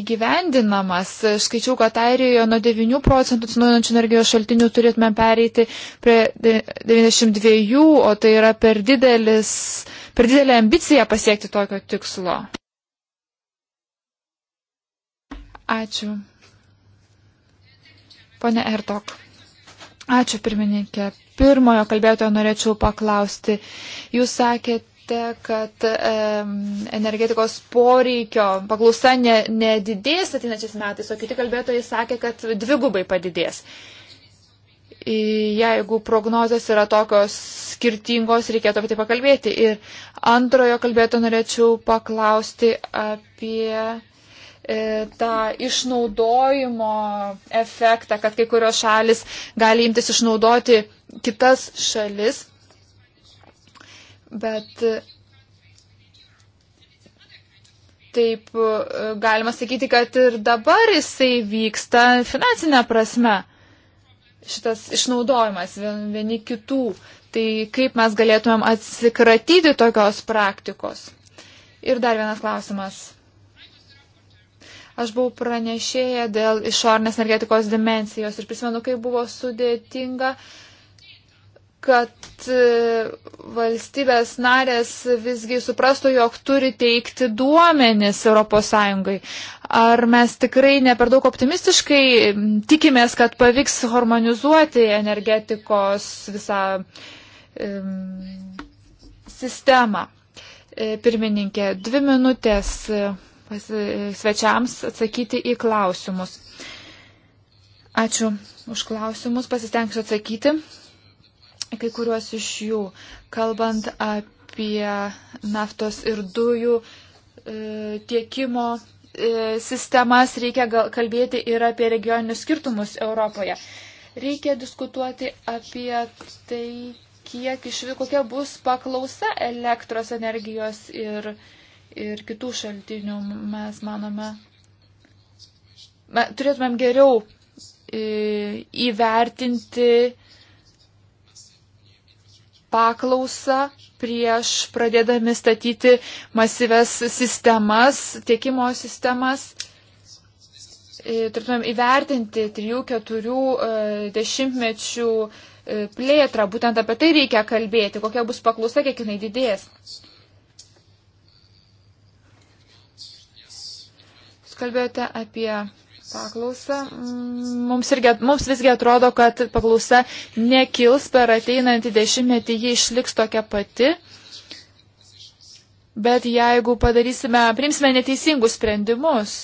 įgyvendinamas. Skaičiau, kad Airijoje nuo 9 procentų atsinaujinančių energijos šaltinių turėtume pereiti prie 92, o tai yra per, didelis, per didelė ambicija pasiekti tokio tikslo. Ačiū. Pone Ertok. Ačiū pirmininkė. Pirmojo kalbėtojo norėčiau paklausti. Jūs sakėte, kad e, energetikos poreikio paklausa ne, nedidės atinačiais metais, o kiti kalbėtojai sakė, kad dvigubai padidės. Jeigu prognozijos yra tokios skirtingos, reikėtų apie tai pakalbėti. Ir antrojo kalbėtojo norėčiau paklausti apie E, tą išnaudojimo efektą, kad kai kurios šalis gali imtis išnaudoti kitas šalis. Bet e, taip e, galima sakyti, kad ir dabar jisai vyksta finansinė prasme. Šitas išnaudojimas vieni kitų. Tai kaip mes galėtumėm atsikratyti tokios praktikos? Ir dar vienas klausimas. Aš buvau pranešėję dėl išornės energetikos dimensijos ir prisimenu, kaip buvo sudėtinga, kad e, valstybės narės visgi suprastų, jog turi teikti duomenis ES. Ar mes tikrai ne per daug optimistiškai tikimės, kad pavyks harmonizuoti energetikos visą um, sistemą? E, pirmininkė, dvi minutės E, svečiams atsakyti į klausimus. Ačiū už klausimus, pasistengsiu atsakyti kai kuriuos iš jų, kalbant apie naftos ir dujų e, tiekimo e, sistemas, reikia gal, kalbėti ir apie regioninius skirtumus Europoje. Reikia diskutuoti apie tai, kiek iš, kokia bus paklausa elektros energijos ir e, ir kitų šaltinių mes manome, me, turėtumėm geriau e, įvertinti paklausą prieš pradėdami statyti masyves sistemas, tiekimo sistemas. E, turėtumėm įvertinti 3-4 e, dešimtmečių plėtrą, būtent apie tai reikia kalbėti, kokia bus paklausa, kiek jinai didės. kalbėjote apie paklausą. Mums, irgi, mums visgi atrodo, kad paklausa nekils per ateinantį dešimtmetį, ji išliks tokia pati. Bet jeigu padarysime, primsime neteisingus sprendimus,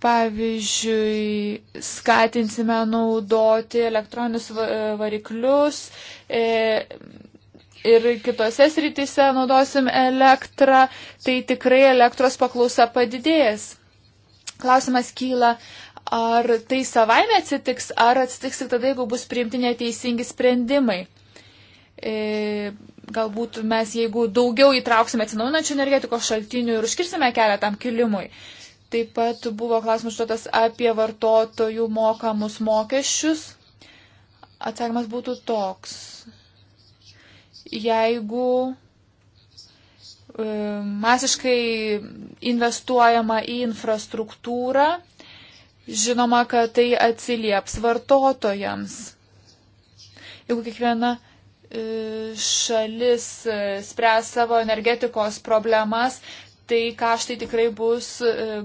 pavyzdžiui, skatinsime naudoti elektroninius variklius e, ir kitose srityse naudosim elektrą, tai tikrai elektros paklausa padidės. Klausimas kyla, ar tai savaime atsitiks, ar atsitiks tik tada, jeigu bus priimti neteisingi sprendimai. E, galbūt mes, jeigu daugiau įtrauksime atsinaujinančių energetikos šaltinių ir užkirsime kelią tam kilimui. Taip pat buvo klausimas užduotas apie vartotojų mokamus mokesčius. Atsakymas būtų toks. Jeigu E, masiškai investuojama į infrastruktūrą, žinoma, kad tai atsilieps vartotojams. Jeigu kiekviena e, šalis e, spręs savo energetikos problemas, tai kaštai tikrai bus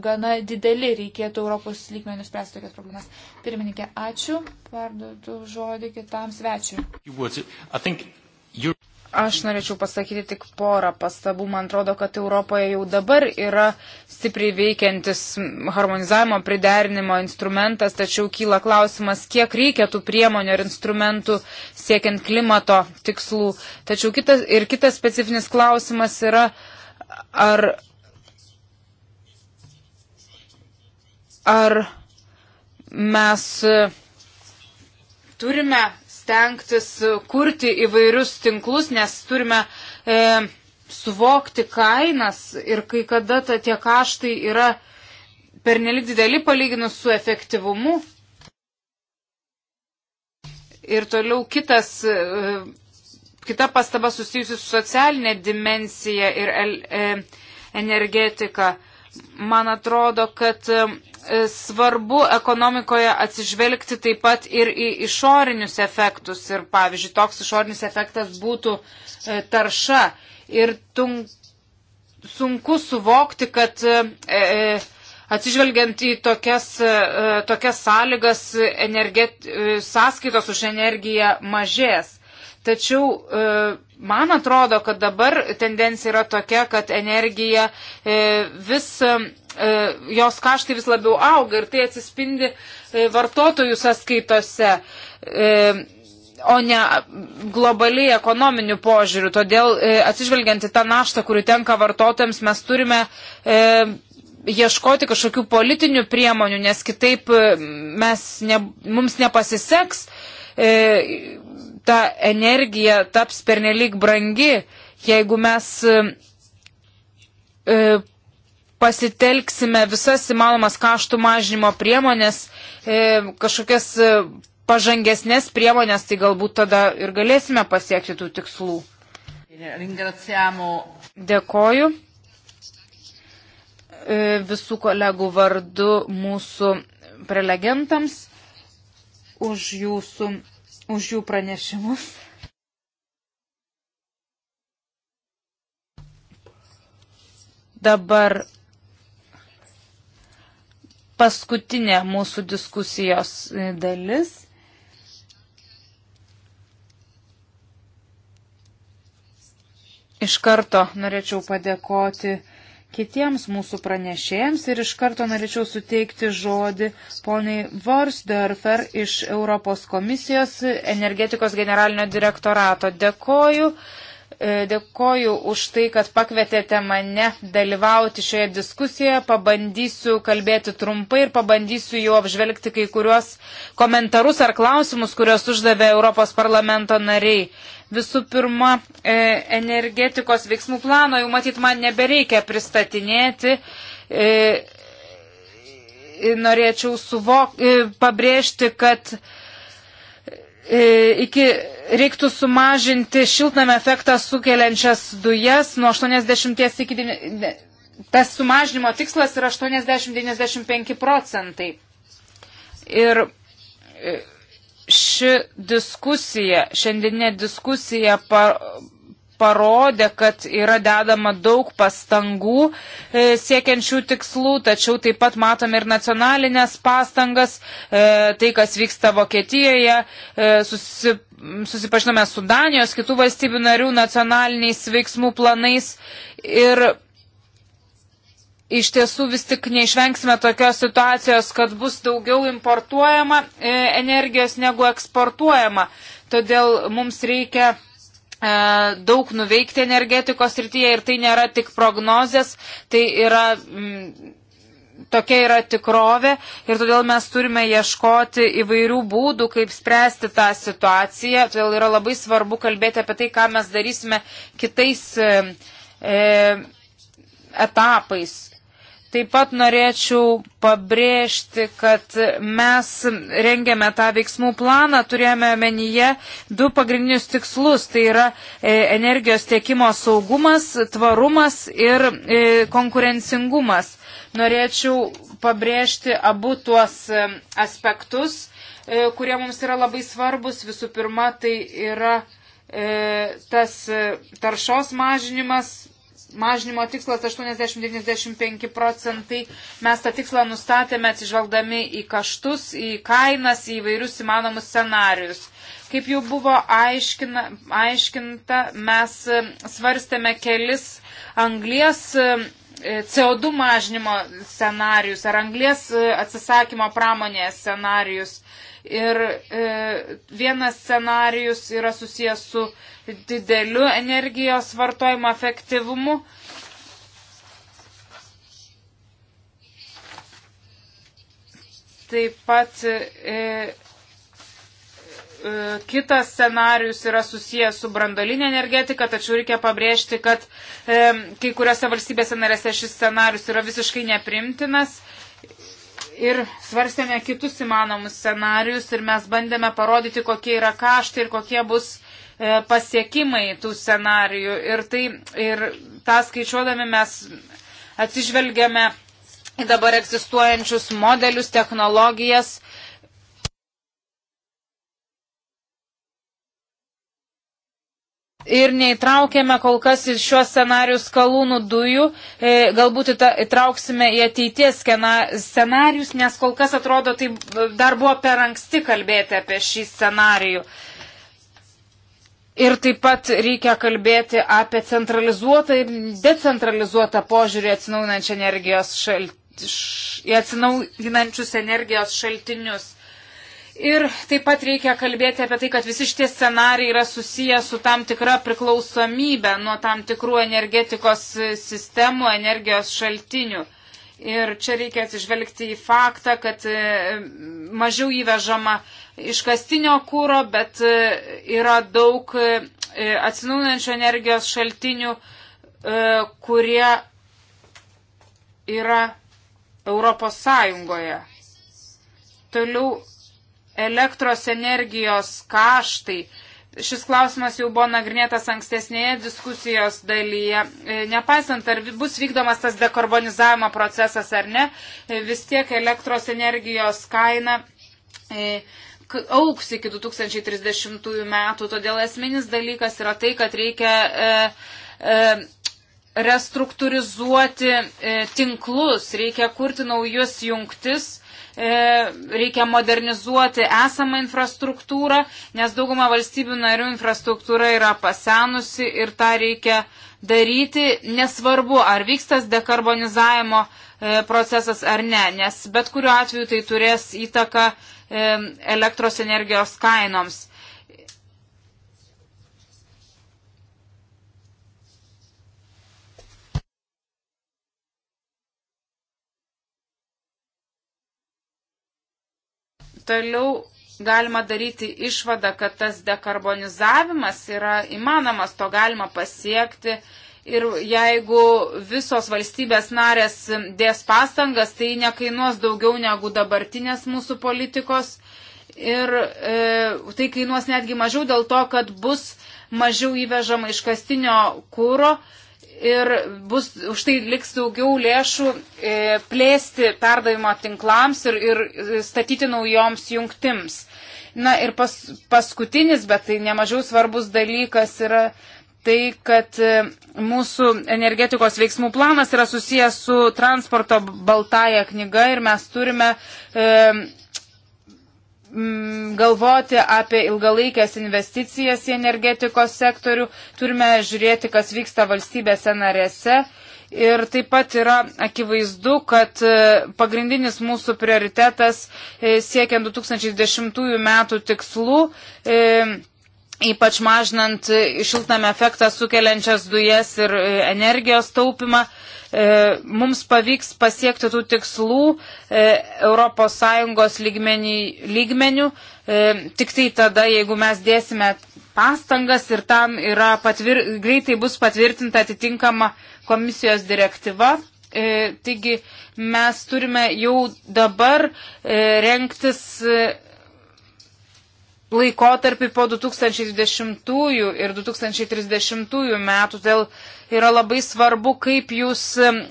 gana dideli, reikėtų Europos lygmenių spręsti tokias problemas. Pirmininkė, ačiū, perduodu žodį kitam svečiui.
Aš norėčiau pasakyti tik porą pastabų. Man atrodo, kad Europoje jau dabar yra stipriai veikiantis harmonizavimo priderinimo instrumentas, tačiau kyla klausimas, kiek reikia tų priemonių ir instrumentų siekiant klimato tikslų. Tačiau kitas, ir kitas specifinis klausimas yra, ar. ar mes turime stengtis e, kurti įvairius tinklus, nes turime e, suvokti kainas ir kai kada ta, tie kaštai yra pernelik dideli palyginus su efektyvumu. Ir toliau kitas. E, kita pastaba susijusi su socialinė dimensija ir el, e, energetika. E, man atrodo, kad e, svarbu ekonomikoje atsižvelgti taip pat ir į išorinius efektus. Ir pavyzdžiui, toks išorinis efektas būtų e, tarša. Ir tung, sunku suvokti, kad e, e, atsižvelgiant į tokias, e, tokias sąlygas, energet, e, sąskaitos už energiją mažės. Tačiau e, man atrodo, kad dabar tendencija yra tokia, kad energija e, vis, e, jos kaštai vis labiau auga ir tai atsispindi vartotojų sąskaitose o ne globaliai ekonominių požiūrių. Todėl atsižvelgiant į tą naštą, kuri tenka vartotojams, mes turime e, ieškoti kažkokių politinių priemonių, nes kitaip mes ne, mums nepasiseks e, ta energija taps pernelyg brangi, jeigu mes e, pasitelksime visas įmanomas kaštų mažinimo priemonės, e, kažkokias e, pažangesnės priemonės, tai galbūt tada ir galėsime pasiekti tų tikslų. Dėkoju visų kolegų vardu mūsų prelegentams už jūsų už jų pranešimus. Dabar paskutinė mūsų diskusijos dalis. Iš karto norėčiau padėkoti kitiems mūsų pranešėjams ir iš karto norėčiau suteikti žodį poniai Vorsdorfer iš Europos komisijos energetikos generalinio direktorato. Dėkoju, E, dėkoju už tai, kad pakvietėte mane dalyvauti šioje diskusijoje. Pabandysiu kalbėti trumpai ir pabandysiu jau apžvelgti kai kuriuos komentarus ar klausimus, kuriuos uždavė Europos parlamento nariai. Visų pirma, e, energetikos veiksmų plano jau matyt man nebereikia pristatinėti e, norėčiau suvok, pabrėžti, kad E, iki reiktų sumažinti šiltnamio efektą sukeliančias dujas nuo 80 iki... Tas sumažinimo tikslas yra 80-95 procentai. Ir e, ši diskusija, šiandieninė diskusija pa, parodė, kad yra dedama daug pastangų e, siekiant šių tikslų, tačiau taip pat matome ir nacionalinės pastangas, e, tai kas vyksta Vokietijoje, e, susi, susipažinome su Danijos, kitų valstybių narių nacionaliniais veiksmų planais ir iš tiesų vis tik neišvengsime tokios situacijos, kad bus daugiau importuojama energijos negu eksportuojama. Todėl mums reikia E, daug nuveikti energetikos rytyje ir tai nėra tik prognozės, tai yra. Mm, tokia yra tikrovė ir todėl mes turime ieškoti įvairių būdų, kaip spręsti tą situaciją. Todėl yra labai svarbu kalbėti apie tai, ką mes darysime kitais e, e etapais. Taip pat norėčiau pabrėžti, kad mes rengėme tą veiksmų planą, turėjome menyje du pagrindinius tikslus, tai yra e, energijos tiekimo saugumas, tvarumas ir e, konkurencingumas. Norėčiau pabrėžti abu tuos e, aspektus, kurie mums yra labai svarbus. Visų pirma, tai yra tas taršos mažinimas, mažinimo tikslas 80-95 procentai. Mes tą tikslą nustatėme atsižvelgdami į kaštus, į kainas, į vairius įmanomus scenarius. Kaip jau buvo aiškina, aiškinta, mes um, svarstėme kelis anglies um, CO2 mažinimo scenarius ar anglies uh, atsisakymo pramonės scenarius. Ir e, vienas scenarius yra susijęs su dideliu energijos vartojimo efektyvumu. Taip pat e, e, kitas scenarius yra susijęs su brandolinė energetika, tačiau reikia pabrėžti, kad e, kai kuriuose valstybėse narėse šis scenarius yra visiškai neprimtinas. E, ir svarstėme kitus įmanomus scenarius ir mes bandėme parodyti, kokie yra kaštai ir kokie bus e, pasiekimai tų scenarijų. Ir, tai, ir tą skaičiuodami mes atsižvelgiame į dabar egzistuojančius modelius, technologijas ir neįtraukėme kol kas į šiuos scenarius kalūnų dujų, e, galbūt įtrauksime į ateities scenarius, nes kol kas atrodo, tai dar buvo per anksti kalbėti apie šį scenarijų. Ir taip pat reikia kalbėti apie centralizuotą ir decentralizuotą požiūrį atsinaujinančius energijos, šalt... š... atsinaujinančius energijos šaltinius. Ir taip pat reikia kalbėti apie tai, kad visi šitie scenarijai yra susiję su tam tikra priklausomybė nuo tam tikrų energetikos sistemų, energijos šaltinių. Ir čia reikia atsižvelgti į faktą, kad e, mažiau įvežama iškastinio kūro, bet e, yra daug e, atsinaujančių energijos šaltinių, kurie yra Europos Sąjungoje. Toliau elektros energijos kaštai. Šis klausimas jau buvo nagrinėtas ankstesnėje diskusijos dalyje. E, nepaisant, ar bus vykdomas tas dekarbonizavimo procesas ar ne, e, vis tiek elektros energijos kaina e, auks iki 2030 metų. Todėl esminis dalykas yra tai, kad reikia restruktūrizuoti tinklus, reikia kurti naujus jungtis E, reikia modernizuoti esamą infrastruktūrą, nes dauguma valstybių narių infrastruktūra yra pasenusi ir tą reikia daryti, nesvarbu, ar vykstas dekarbonizavimo e, procesas ar ne, nes bet kuriuo atveju tai turės įtaką e, elektros energijos kainoms. Toliau galima daryti išvadą, kad tas dekarbonizavimas yra įmanomas, to galima pasiekti. Ir jeigu visos valstybės narės dės pastangas, tai nekainuos daugiau negu dabartinės mūsų politikos. Ir e, tai kainuos netgi mažiau dėl to, kad bus mažiau įvežama iškastinio kūro. E, ir bus, už tai liks daugiau lėšų e, plėsti perdavimo tinklams ir, ir e, statyti naujoms jungtims. Na ir pas, paskutinis, bet tai nemažiau svarbus dalykas yra tai, kad e, mūsų energetikos veiksmų planas yra susijęs su transporto baltaja knyga ir mes turime e, Mm, galvoti apie ilgalaikės investicijas į energetikos sektorių, turime žiūrėti, kas vyksta valstybėse narėse. Ir taip pat yra akivaizdu, kad e, pagrindinis mūsų prioritetas e, siekiant 2010 metų tikslų e, ypač mažinant e, šiltnamio efektą sukeliančias dujas ir e, energijos taupimą. E, mums pavyks pasiekti tų tikslų ES lygmenį, lygmenių, tik tai tada, jeigu mes dėsime pastangas ir tam yra patvir, greitai bus patvirtinta atitinkama komisijos direktyva. Taigi mes turime jau dabar renktis laikotarpį po 2020 ir 2030 metų. Dėl yra labai svarbu, kaip jūs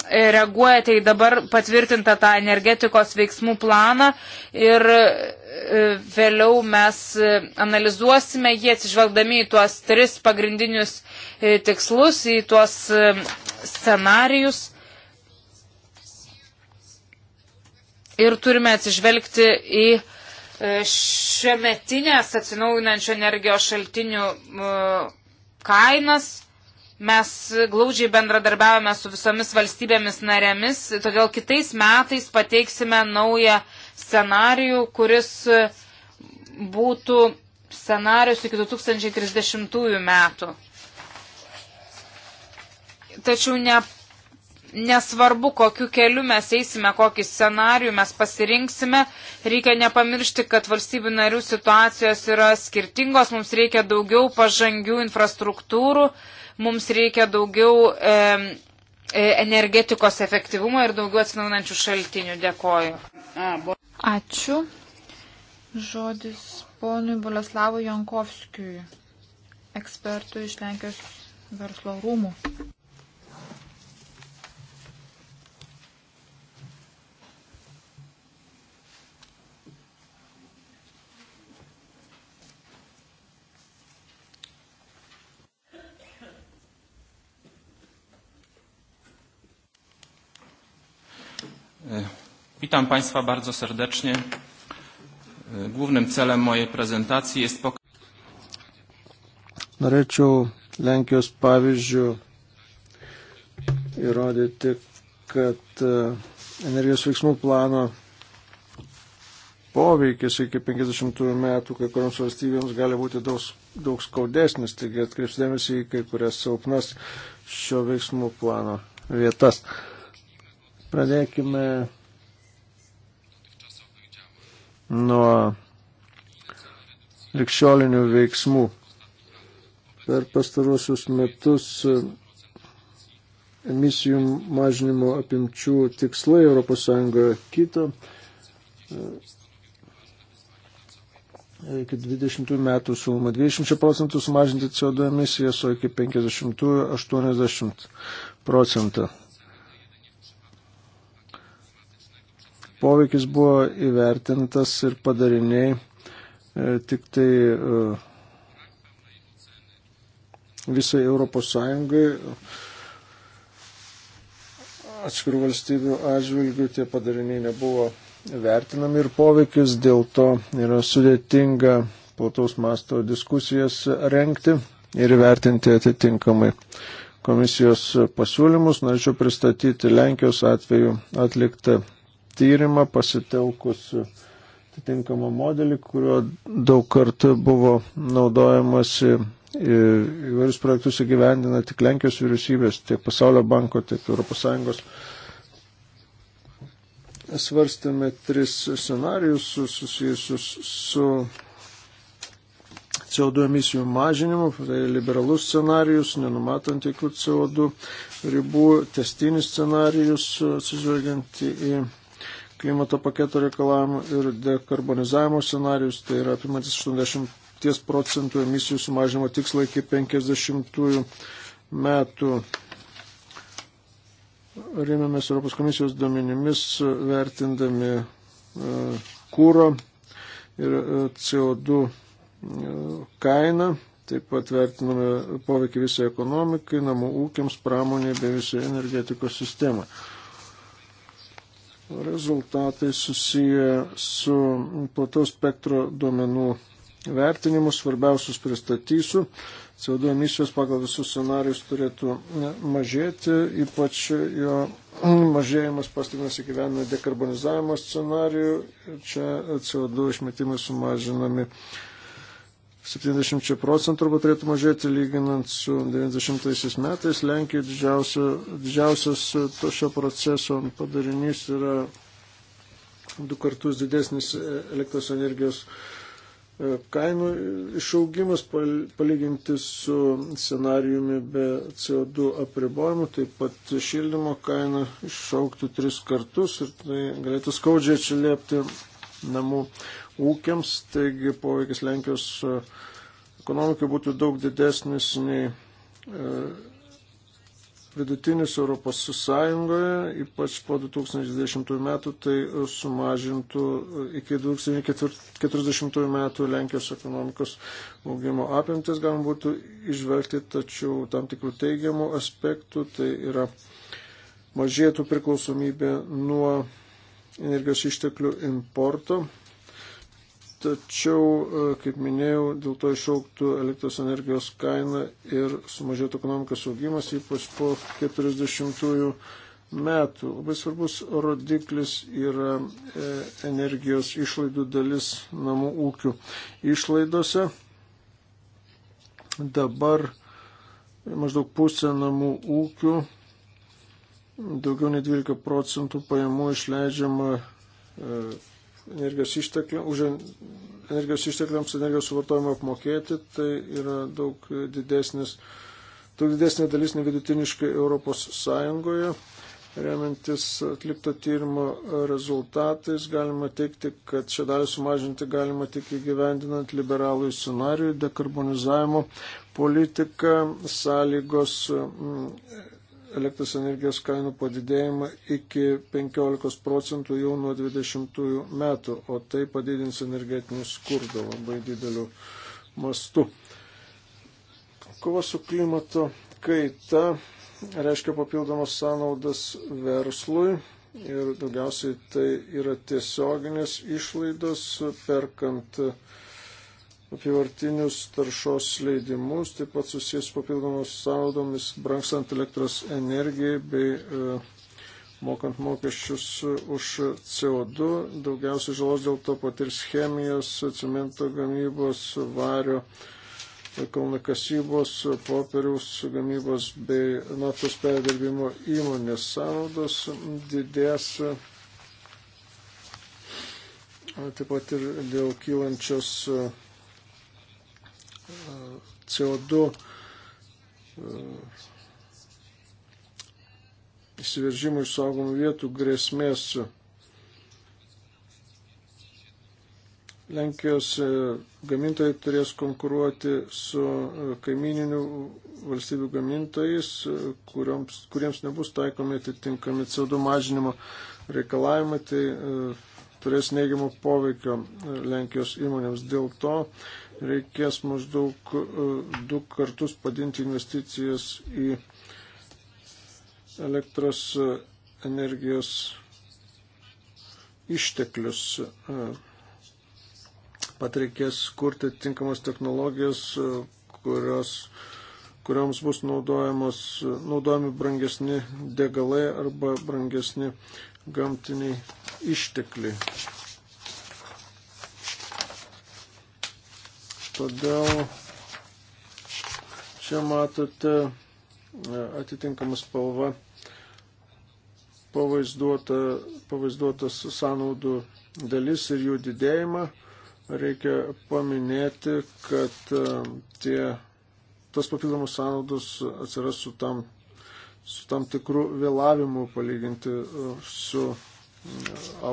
reaguojate į dabar patvirtintą tą energetikos veiksmų planą ir e, vėliau mes e, analizuosime jį atsižvelgdami į tuos tris pagrindinius e, tikslus, į tuos scenarius. Ir turime atsižvelgti į uh, E, šiemetinės atsinaujinančių energijos šaltinių e, kainas. Mes glaudžiai bendradarbiavame su visomis valstybėmis narėmis, todėl kitais metais pateiksime naują scenarijų, kuris būtų scenarius iki 2030 metų. Tačiau ne nesvarbu, kokiu keliu mes eisime, kokį scenarių mes pasirinksime, reikia nepamiršti, kad valstybių narių situacijos yra skirtingos, mums reikia daugiau pažangių infrastruktūrų, mums reikia daugiau e, energetikos efektyvumo ir daugiau atsinaunančių šaltinių. Dėkoju.
Ačiū. Žodis ponui Boleslavui Jankovskijui, ekspertui iš Lenkijos verslo rūmų.
E, witam Państwa bardzo serdecznie. E,
głównym celem mojej prezentacji jest pokazanie. Norėčiau Lenkijos pavyzdžių įrodyti, kad e, energijos veiksmų plano poveikis iki 50 metų kai kurioms valstybėms gali būti daug, daug skaudesnis, taigi atkreipsdėmėsi į kai kurias silpnas šio veiksmų plano vietas. Pradėkime nuo likščiolinių veiksmų. Per pastaruosius metus emisijų mažinimo apimčių tikslai ES kito. Iki 20 metų siūloma 20 procentų sumažinti CO2 emisijas, o iki 50 80 procentų. poveikis buvo įvertintas ir padariniai e, tik tai e, visai Europos Sąjungai atskirų valstybių atžvilgių tie padariniai nebuvo vertinami ir poveikis, dėl to yra sudėtinga plataus masto diskusijas renkti ir vertinti atitinkamai komisijos pasiūlymus. Norėčiau pristatyti Lenkijos atveju atliktą tyrimą pasitelkus atitinkamą modelį, kuriuo daug kartų buvo naudojamasi įvairius projektus įgyvendina tik Lenkijos vyriausybės, tiek Pasaulio banko, tiek ES. Svarstėme tris scenarius susijusius su CO2 emisijų mažinimu, tai liberalus scenarius, nenumatant jokių CO2 ribų, testinis scenarius, atsižvelgiant į klimato paketo reikalavimų ir dekarbonizavimo scenarius, tai yra apimantis 80 procentų emisijų sumažinimo tikslai iki 50 metų. Rėmėmės Europos komisijos duomenimis, vertindami e, kūro ir e, CO2 e, kainą, taip pat vertiname poveikį visai ekonomikai, namų ūkiams, pramoniai bei visai energetikos sistemai rezultatai susiję su plataus spektro duomenų vertinimu, svarbiausius pristatysiu. CO2 emisijos pagal visus scenarius turėtų e, mažėti, ypač jo mažėjimas pastebimas įgyvenime dekarbonizavimo scenarių. Čia CO2 išmetimai sumažinami 70 procentų turbūt turėtų mažėti lyginant su 90 metais. Lenkijoje didžiausio, didžiausias e, to šio proceso padarinys yra du kartus didesnis e, elektros energijos e, kainų išaugimas palyginti su scenarijumi be CO2 apribojimų, taip pat šildymo kaina išauktų tris kartus ir tai galėtų skaudžiai atsiliepti namų ūkiams, taigi poveikis Lenkijos e, ekonomikai būtų daug didesnis nei e, vidutinis Europos Sąjungoje, ypač po 2020 metų, tai sumažintų e, iki 2040 metų Lenkijos ekonomikos augimo apimtis galima būtų išvelgti, tačiau tam tikrų teigiamų aspektų, tai yra mažėtų priklausomybė nuo energijos išteklių importo Tačiau, e, kaip minėjau, dėl to išauktų elektros energijos kaina ir sumažėtų ekonomikos augimas, ypač po 40-ųjų metų. Labai svarbus rodiklis yra e, energijos išlaidų dalis namų ūkių išlaidose. Dabar maždaug pusė namų ūkių, daugiau nei 12 procentų pajamų išleidžiama e, energijos ištekliams, už energijos ištekliams energijos suvartojimą apmokėti, tai yra daug didesnis, daug didesnė dalis nevidutiniškai Europos Sąjungoje. Remiantis atlikto tyrimo rezultatais galima teikti, kad šią dalį sumažinti galima tik įgyvendinant liberalų scenarijų, dekarbonizavimo politiką, sąlygos elektros energijos kainų padidėjimą iki 15 procentų jau nuo 20 metų, o tai padidins energetinį skurdą labai dideliu mastu. Kova su klimato kaita reiškia papildomas sąnaudas verslui ir daugiausiai tai yra tiesioginės išlaidos perkant uh, apivartinius taršos leidimus, taip pat susijęs papildomus saudomis, brankstant elektros energijai bei e, mokant mokesčius už CO2. Daugiausiai žalos dėl to patirs chemijos, cemento gamybos, vario, kalnakasybos, popieriaus gamybos bei naftos perdirbimo įmonės sąnaudos didės taip pat ir dėl kylančios CO2 e, įsiveržimų iš saugomų vietų grėsmės. Lenkijos e, gamintojai turės konkuruoti su e, kaimininių valstybių gamintojais, kurioms, kuriems nebus taikomi atitinkami CO2 mažinimo reikalavimai, tai turės neigiamų poveikio Lenkijos įmonėms. Dėl to reikės maždaug e, du kartus padinti investicijas į elektros e, energijos išteklius. E, pat reikės kurti tinkamas technologijas, kurios kuriams bus naudojami brangesni degalai arba brangesni gamtiniai ištekliai. Todėl čia matote e, atitinkamą spalvą pavaizduota, pavaizduotas sąnaudų dalis ir jų didėjimą. Reikia paminėti, kad e, tie, tas papildomus sąnaudus atsiras su tam, su tam tikrų vėlavimų palyginti e, su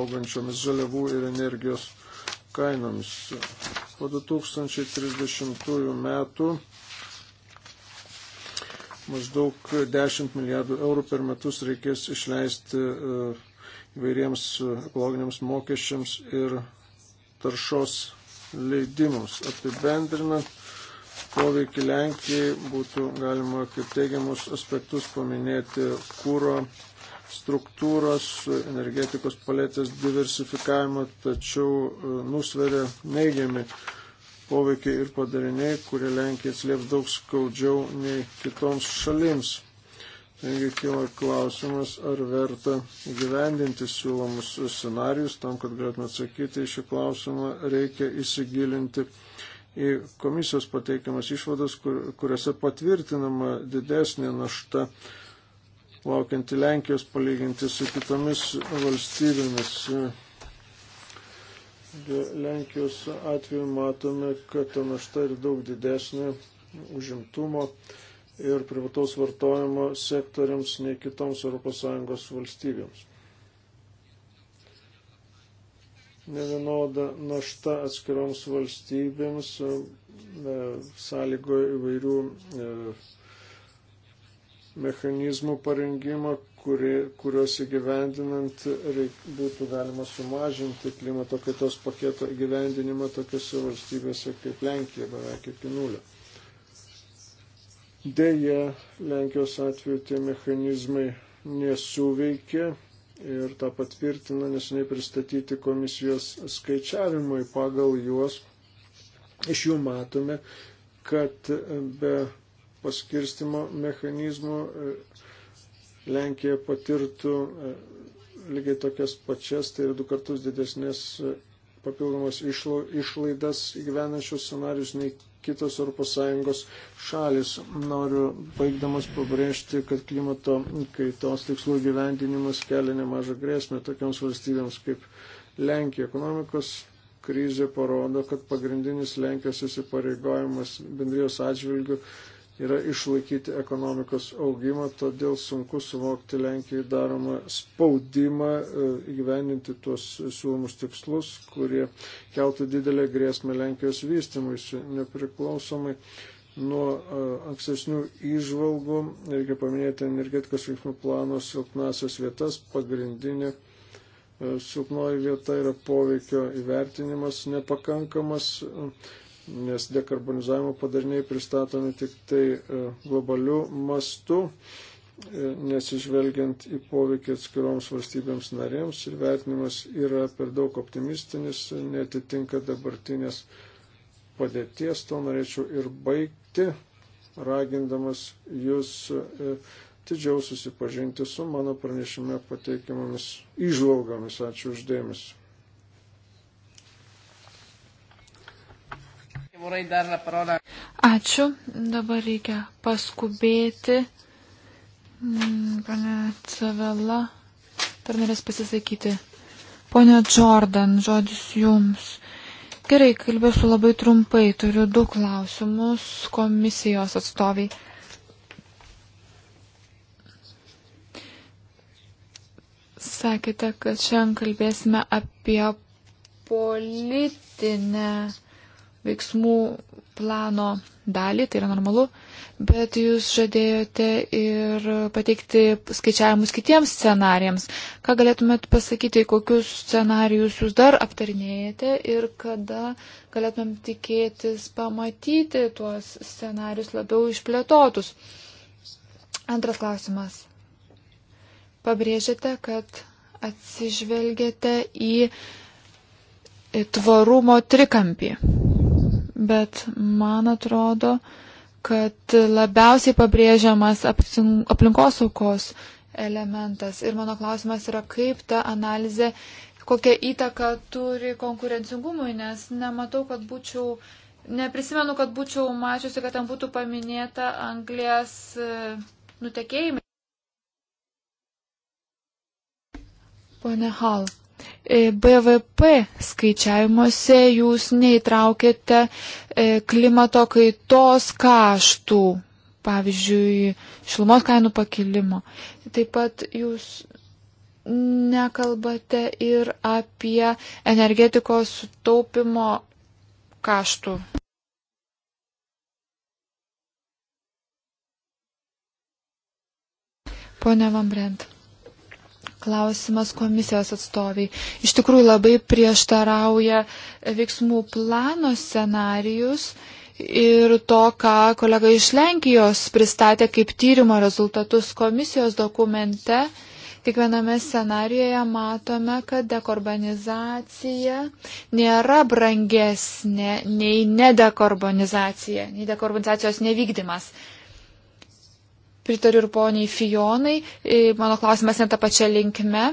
augančiomis žaliavų ir energijos kainomis po 2030 metų maždaug 10 milijardų eurų per metus reikės išleisti e, įvairiems e, ekologiniams mokesčiams ir taršos leidimams. Apibendrinant, poveikį Lenkijai būtų galima kaip teigiamus aspektus paminėti kūro struktūros, energetikos palėtės diversifikavimą, tačiau e, nusveria neigiami poveikiai ir padariniai, kurie Lenkija atslieps daug skaudžiau nei kitoms šalims. Taigi kyla klausimas, ar verta gyvendinti siūlomus scenarius, tam, kad galėtume atsakyti į šį klausimą, reikia įsigilinti į komisijos pateikiamas išvadas, kur, kuriuose patvirtinama didesnė našta laukianti Lenkijos palyginti su kitomis valstybėmis. Lenkijos atveju matome, kad ta našta yra daug didesnė užimtumo ir privataus vartojimo sektoriams nei kitoms ES valstybėms. Nevienoda našta atskiroms valstybėms e, sąlygoja įvairių e, mechanizmų parengimą, kuri, kuriuos įgyvendinant reik, būtų galima sumažinti klimato kaitos paketo įgyvendinimą tokiuose valstybėse kaip Lenkija beveik iki nulio. Deja, Lenkijos atveju tie mechanizmai nesuveikė ir tą patvirtina nesiniai pristatyti komisijos skaičiavimai. Pagal juos iš jų matome, kad be paskirstimo mechanizmų e, Lenkija patirtų e, lygiai tokias pačias, tai yra du kartus didesnės e, papildomas išlaidas įgyvenančius scenarius nei kitos ES šalis. Noriu baigdamas pabrėžti, kad klimato kaitos tikslų gyvendinimas kelia nemažą grėsmę tokiams valstybėms kaip Lenkija. Ekonomikos krizė parodo, kad pagrindinis Lenkijos įsipareigojimas bendrijos atžvilgių yra išlaikyti ekonomikos augimą, todėl sunku suvokti Lenkijai daromą spaudimą e, įgyveninti tuos siūlomus tikslus, kurie keltų didelę grėsmę Lenkijos vystimuisi. Nepriklausomai nuo e, ankstesnių įžvalgų, reikia paminėti energetikos veiksmų plano silpnasias vietas, pagrindinė e, silpnoji vieta yra poveikio įvertinimas nepakankamas nes dekarbonizavimo padariniai pristatomi tik tai e, globaliu mastu, e, nesižvelgiant į poveikį atskiroms valstybėms narėms ir vertinimas yra per daug optimistinis, netitinka dabartinės padėties, to norėčiau ir baigti, ragindamas jūs didžiau e, susipažinti su mano pranešime pateikiamomis įžvalgomis. Ačiū uždėmesi. Ačiū.
Dabar reikia paskubėti. Mm, pane Cavela, dar norės pasisakyti. Pone Jordan, žodis jums. Gerai, kalbėsiu labai trumpai. Turiu du klausimus komisijos atstoviai. Sakėte, kad šiandien kalbėsime apie politinę veiksmų plano dalį, tai yra normalu, bet jūs žadėjote ir pateikti skaičiavimus kitiems scenarijams. Ką galėtumėt pasakyti, kokius scenarijus jūs dar aptarinėjate ir kada galėtumėm tikėtis pamatyti tuos scenarius labiau išplėtotus? Antras klausimas. Pabrėžėte, kad atsižvelgėte į tvarumo trikampį bet man atrodo, kad labiausiai pabrėžiamas aplinkosaukos elementas. Ir mano klausimas yra, kaip ta analizė, kokią įtaką turi konkurencingumui, nes nematau, kad būčiau, neprisimenu, kad būčiau mačiusi, kad ten būtų paminėta anglės e, nutekėjimai. Pone Hall. E, BVP skaičiavimuose jūs neįtraukėte e, klimato kaitos kaštų, pavyzdžiui, šilumos kainų pakilimo. Taip pat jūs nekalbate ir apie energetikos sutaupimo kaštų. Pone Vambrent. Klausimas komisijos atstoviai. Iš tikrųjų labai prieštarauja veiksmų plano scenarius ir to, ką kolega iš Lenkijos pristatė kaip tyrimo rezultatus komisijos dokumente. Kiekviename scenarijoje matome, kad dekarbonizacija nėra brangesnė nei nedekarbonizacija, nei dekarbonizacijos nevykdymas. Ne Pritariu ir poniai Fijonai. E, mano klausimas net tą pačią linkmę.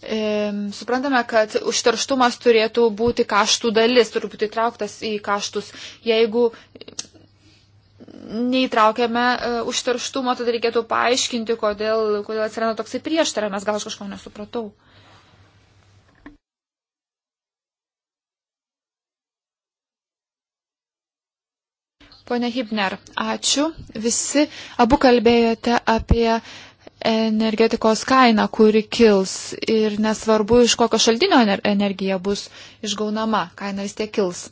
E, suprantame, kad užterštumas turėtų būti kaštų dalis, turi būti įtrauktas į kaštus. Jeigu neįtraukiame e, užterštumo, tada reikėtų paaiškinti, kodėl, kodėl atsiranda toksai prieštaravimas. Gal aš kažko nesupratau. Pone Hibner, ačiū. Visi abu kalbėjote apie energetikos kainą, kuri kils ir nesvarbu, iš kokio šaltinio energija bus išgaunama, kaina vis tiek kils.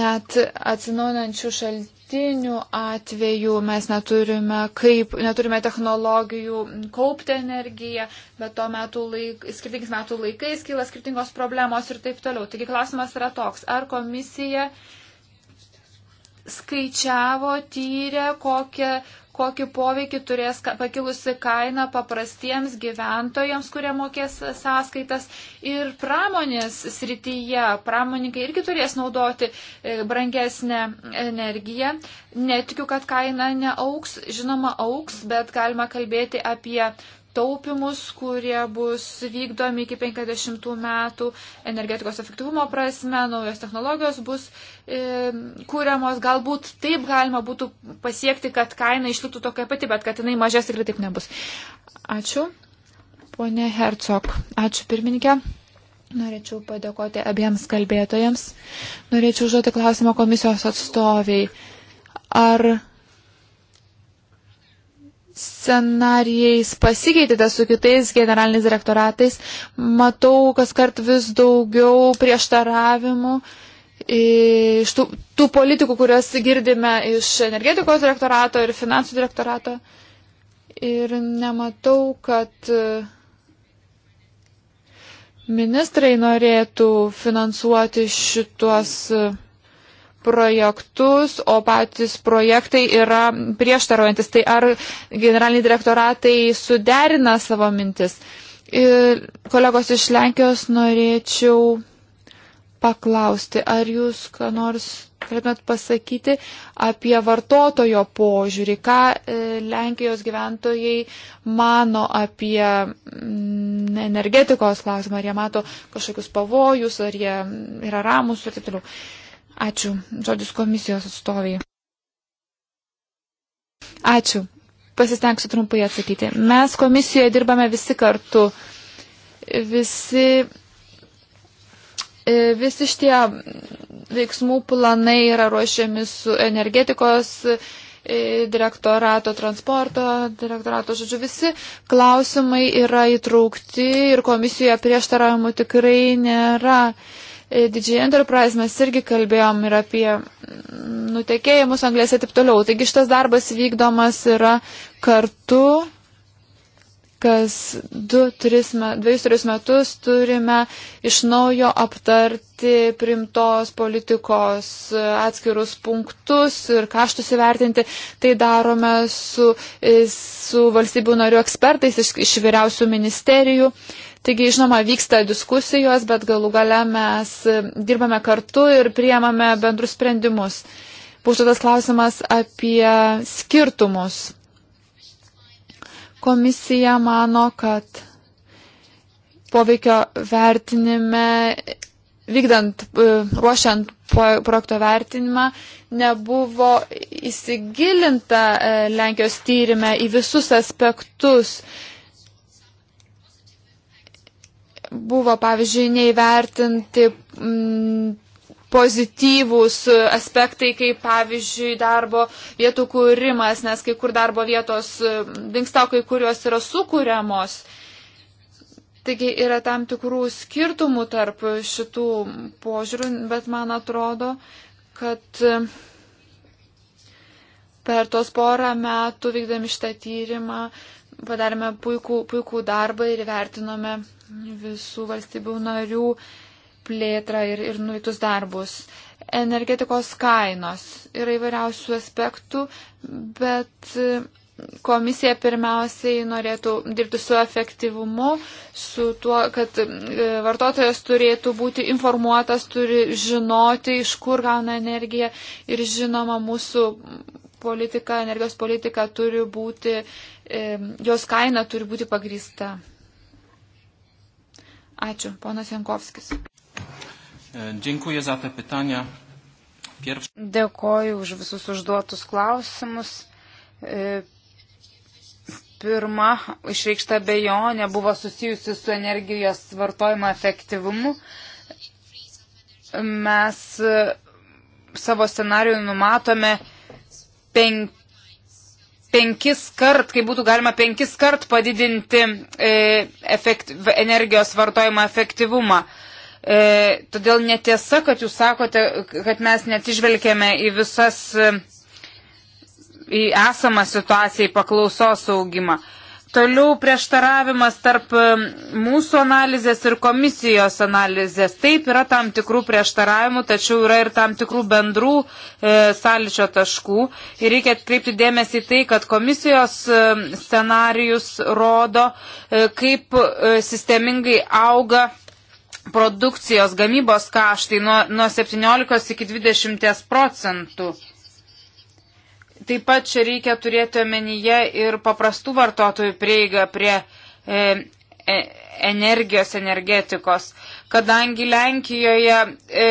Net atsinaujančių šaltinių atveju mes neturime, kaip, neturime technologijų kaupti energiją, bet to metų laik, skirtingais metų laikais kyla skirtingos problemos ir taip toliau. Taigi klausimas yra toks, ar komisija uh, skaičiavo, tyrė, kokią, kokį poveikį turės pakilusi kaina paprastiems gyventojams, kurie mokės sąskaitas. Ir pramonės srityje pramoninkai irgi turės naudoti e, brangesnę energiją. Netikiu, kad kaina neauks, žinoma, auks, bet galima kalbėti apie taupimus, kurie bus vykdomi iki 50 metų energetikos efektyvumo prasme, naujos technologijos bus e, kūriamos. Galbūt taip galima būtų pasiekti, kad kaina išliktų tokia pati, bet kad jinai mažės tikrai taip nebus. Ačiū. Pone Hercog, ačiū pirmininkė. Norėčiau padėkoti abiems kalbėtojams. Norėčiau užduoti klausimą komisijos atstoviai. Ar scenarijais pasikeitėte su kitais generaliniais direktoratais, matau kas kart vis daugiau prieštaravimų iš tų, tų politikų, kurias girdime iš energetikos direktorato ir finansų direktorato. Ir nematau, kad e, ministrai norėtų finansuoti šituos e, projektus, o patys projektai yra prieštarojantis. Tai ar generaliniai direktoratai suderina savo mintis? Ir kolegos iš Lenkijos norėčiau paklausti, ar jūs ką nors galėtumėt pasakyti apie vartotojo požiūrį, ką e, Lenkijos gyventojai mano apie mm, energetikos klausimą, ar jie mato kažkokius pavojus, ar jie yra ramus ir taip toliau. Ačiū. Žodis komisijos atstoviai. Ačiū. Pasistengsiu trumpai atsakyti. Mes komisijoje dirbame visi kartu. Visi, e, visi šitie veiksmų planai yra ruošiami su energetikos e, direktorato transporto, direktorato, žodžiu, visi klausimai yra įtraukti ir komisijoje prieštaravimų tikrai nėra. E, E, didžiai enterprise mes irgi kalbėjom ir apie nutekėjimus anglėse ir taip toliau. Taigi šitas darbas vykdomas yra kartu kas 2-3 metus turime iš naujo aptarti primtos politikos atskirus punktus ir kaštus įvertinti. Tai darome su, su valstybių narių ekspertais iš, iš vyriausių ministerijų. Taigi, žinoma, vyksta diskusijos, bet galų gale mes dirbame kartu ir priemame bendrus sprendimus. Būtų tas klausimas apie skirtumus. Komisija mano, kad poveikio vertinime, vykdant, e, ruošiant projekto vertinimą, nebuvo įsigilinta e, Lenkijos tyrimė į visus aspektus buvo, pavyzdžiui, neįvertinti m, pozityvūs aspektai, kaip pavyzdžiui darbo vietų kūrimas, nes kai kur darbo vietos e, dinksta, kai kurios yra sukūriamos. Taigi yra tam tikrų skirtumų tarp šitų požiūrių, bet man atrodo, kad e, per tos porą metų vykdami šitą tyrimą padarėme puikų, puikų darbą ir vertinome visų valstybių narių uh, plėtrą ir, ir nuveiktus darbus. Energetikos kainos yra įvairiausių aspektų, bet e, komisija pirmiausiai norėtų dirbti su efektyvumu, su tuo, kad e, vartotojas turėtų būti informuotas, turi žinoti, iš kur gauna energiją ir žinoma, mūsų politika, energijos politika turi būti, e, jos kaina turi būti pagrįsta. Ačiū, ponas Jankovskis.
E, dziękuję za te pytania. Pierwszy... Dėkoju už visus užduotus klausimus. E, pirma išreikšta bejonė buvo susijusi su energijos vartojimo efektyvumu. Mes e, savo scenarių numatome penk, penkis kart, kai būtų galima penkis kart padidinti e, efekt, energijos vartojimo efektyvumą. E, E, todėl netiesa, kad jūs sakote, kad mes netižvelgėme į visas, e, į esamą situaciją, į paklausos augimą. Toliau prieštaravimas tarp e, mūsų analizės ir komisijos analizės. Taip yra tam tikrų prieštaravimų, tačiau yra ir tam tikrų bendrų e, sąlyčio taškų. Ir reikia atkreipti dėmesį tai, kad komisijos e, scenarius rodo, e, kaip e, sistemingai auga e, produkcijos gamybos kaštai nuo, nuo 17 iki 20 procentų. Taip pat čia reikia turėti omenyje ir paprastų vartotojų prieigą prie e, e, energijos energetikos, kadangi Lenkijoje e,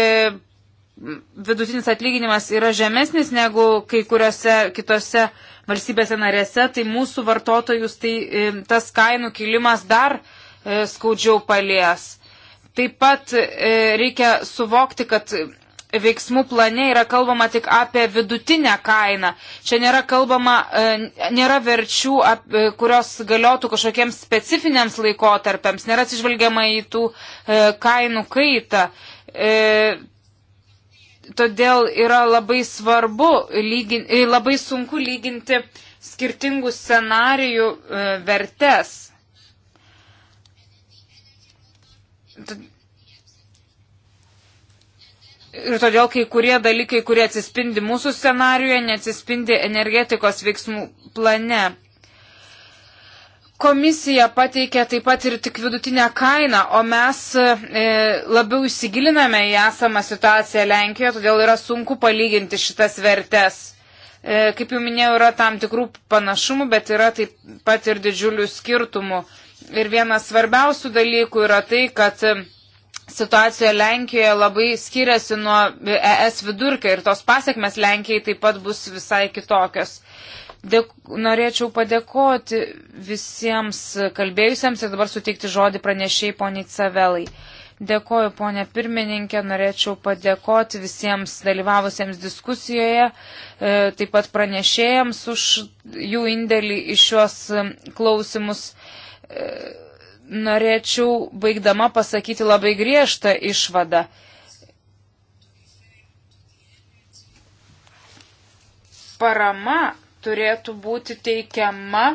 vidutinis atlyginimas yra žemesnis negu kai kuriuose kitose valstybėse narėse, tai mūsų vartotojus tai, e, tas kainų kilimas dar e, skaudžiau palies. Taip pat e, reikia suvokti, kad veiksmų plane yra kalbama tik apie vidutinę kainą. Čia nėra kalbama, e, nėra verčių, e, kurios galiotų kažkokiems specifiniams laikotarpiams, nėra atsižvelgiama į tų kainų kaitą. Todėl yra labai svarbu, lygin, labai sunku lyginti skirtingų scenarijų vertes. Ir todėl kai kurie dalykai, kurie atsispindi mūsų scenariuje, neatsispindi energetikos veiksmų plane. Komisija pateikė taip pat ir tik vidutinę kainą, o mes e, labiau įsigiliname į esamą situaciją Lenkijoje, todėl yra sunku palyginti šitas vertes. E, kaip jau minėjau, yra tam tikrų panašumų, bet yra taip pat ir didžiulių skirtumų. E, Ir vienas svarbiausių dalykų yra tai, kad e, situacija Lenkijoje labai skiriasi nuo ES vidurkio ir tos pasiekmes Lenkijai taip pat bus visai kitokios. Dėk, norėčiau padėkoti visiems kalbėjusiems ir dabar suteikti žodį pranešiai poniai Cavelai. Dėkoju, ponė pirmininkė, norėčiau padėkoti visiems dalyvavusiems diskusijoje, e, taip pat pranešėjams už jų indėlį į šiuos e, klausimus norėčiau baigdama pasakyti labai griežtą išvadą. Parama turėtų būti teikiama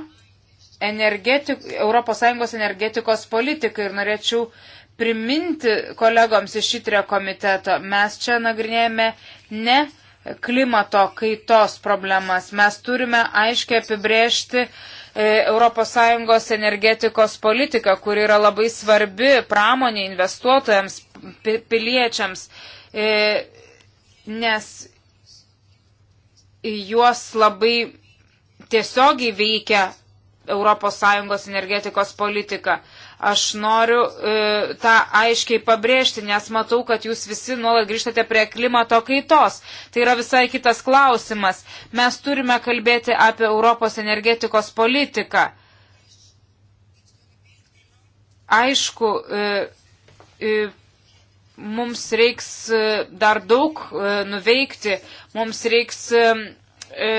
energetik, ES energetikos politikai ir norėčiau priminti kolegoms iš šitrio komiteto, mes čia nagrinėjame ne klimato kaitos problemas, mes turime aiškiai apibrėžti uh, ES energetikos politiką, kuri yra labai svarbi pramonė investuotojams, piliečiams, e, nes juos labai tiesiogiai veikia ES energetikos politika. Aš noriu e, tą aiškiai pabrėžti, nes matau, kad jūs visi nuolat grįžtate prie klimato kaitos. Tai yra visai kitas klausimas. Mes turime kalbėti apie Europos energetikos politiką. Aišku, e, e, mums reiks e, dar daug e, nuveikti, mums reiks. E, e,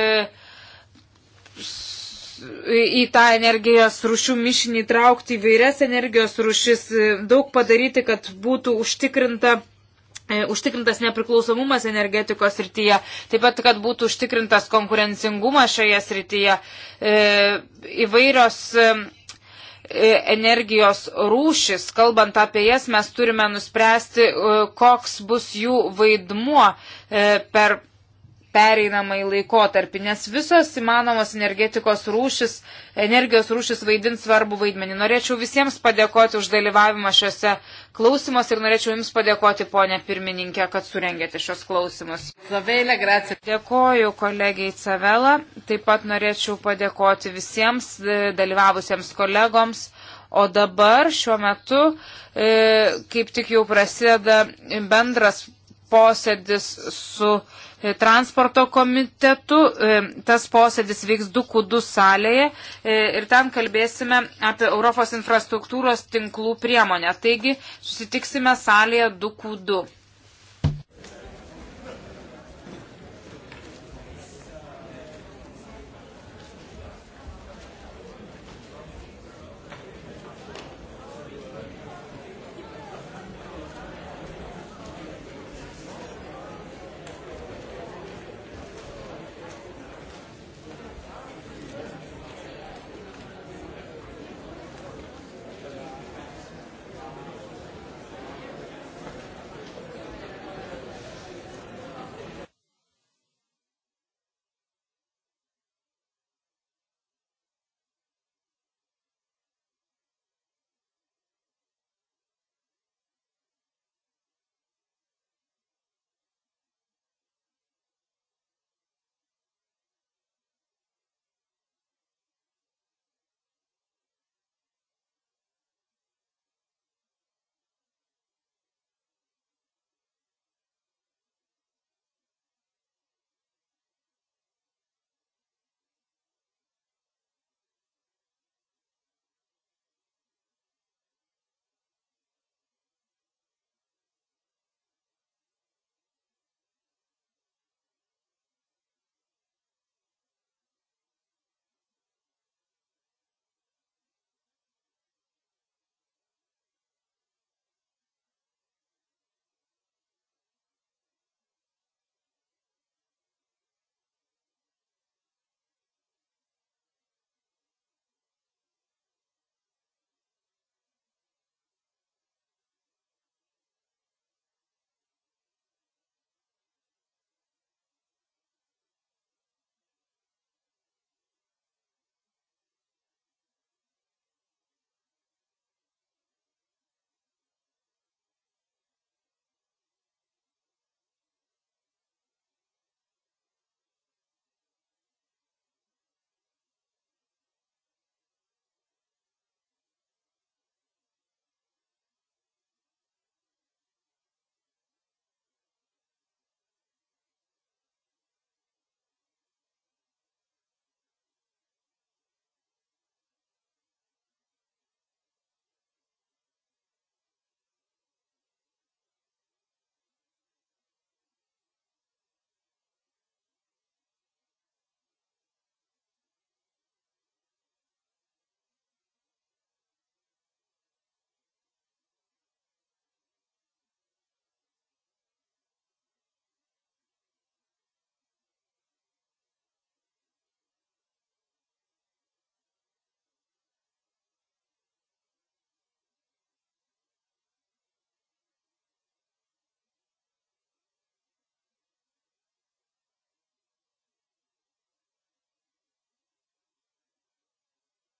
į tą energijos rušių mišinį traukti įvairias energijos rušis, e, daug padaryti, kad būtų užtikrinta e, užtikrintas nepriklausomumas energetikos srityje, taip pat, kad būtų užtikrintas konkurencingumas šioje srityje, e, įvairios e, e, energijos rūšis, kalbant apie jas, mes turime nuspręsti, e, koks bus jų vaidmuo e, per pereinamai laikotarpį, nes visos įmanomos energetikos rūšis, energijos rūšis vaidins svarbu vaidmenį. Norėčiau visiems padėkoti už dalyvavimą šiuose klausimuose ir norėčiau Jums padėkoti, ponė pirmininkė, kad surengėte šios klausimus. Zavėlė, gracija. Dėkoju kolegiai Cavela, taip pat norėčiau padėkoti visiems e, dalyvavusiems kolegoms. O dabar šiuo metu, e, kaip tik jau prasideda bendras posėdis su e, transporto komitetu. E, tas posėdis vyks 2Q2 salėje e, ir ten kalbėsime apie Europos infrastruktūros tinklų priemonę. Taigi susitiksime salėje 2Q2.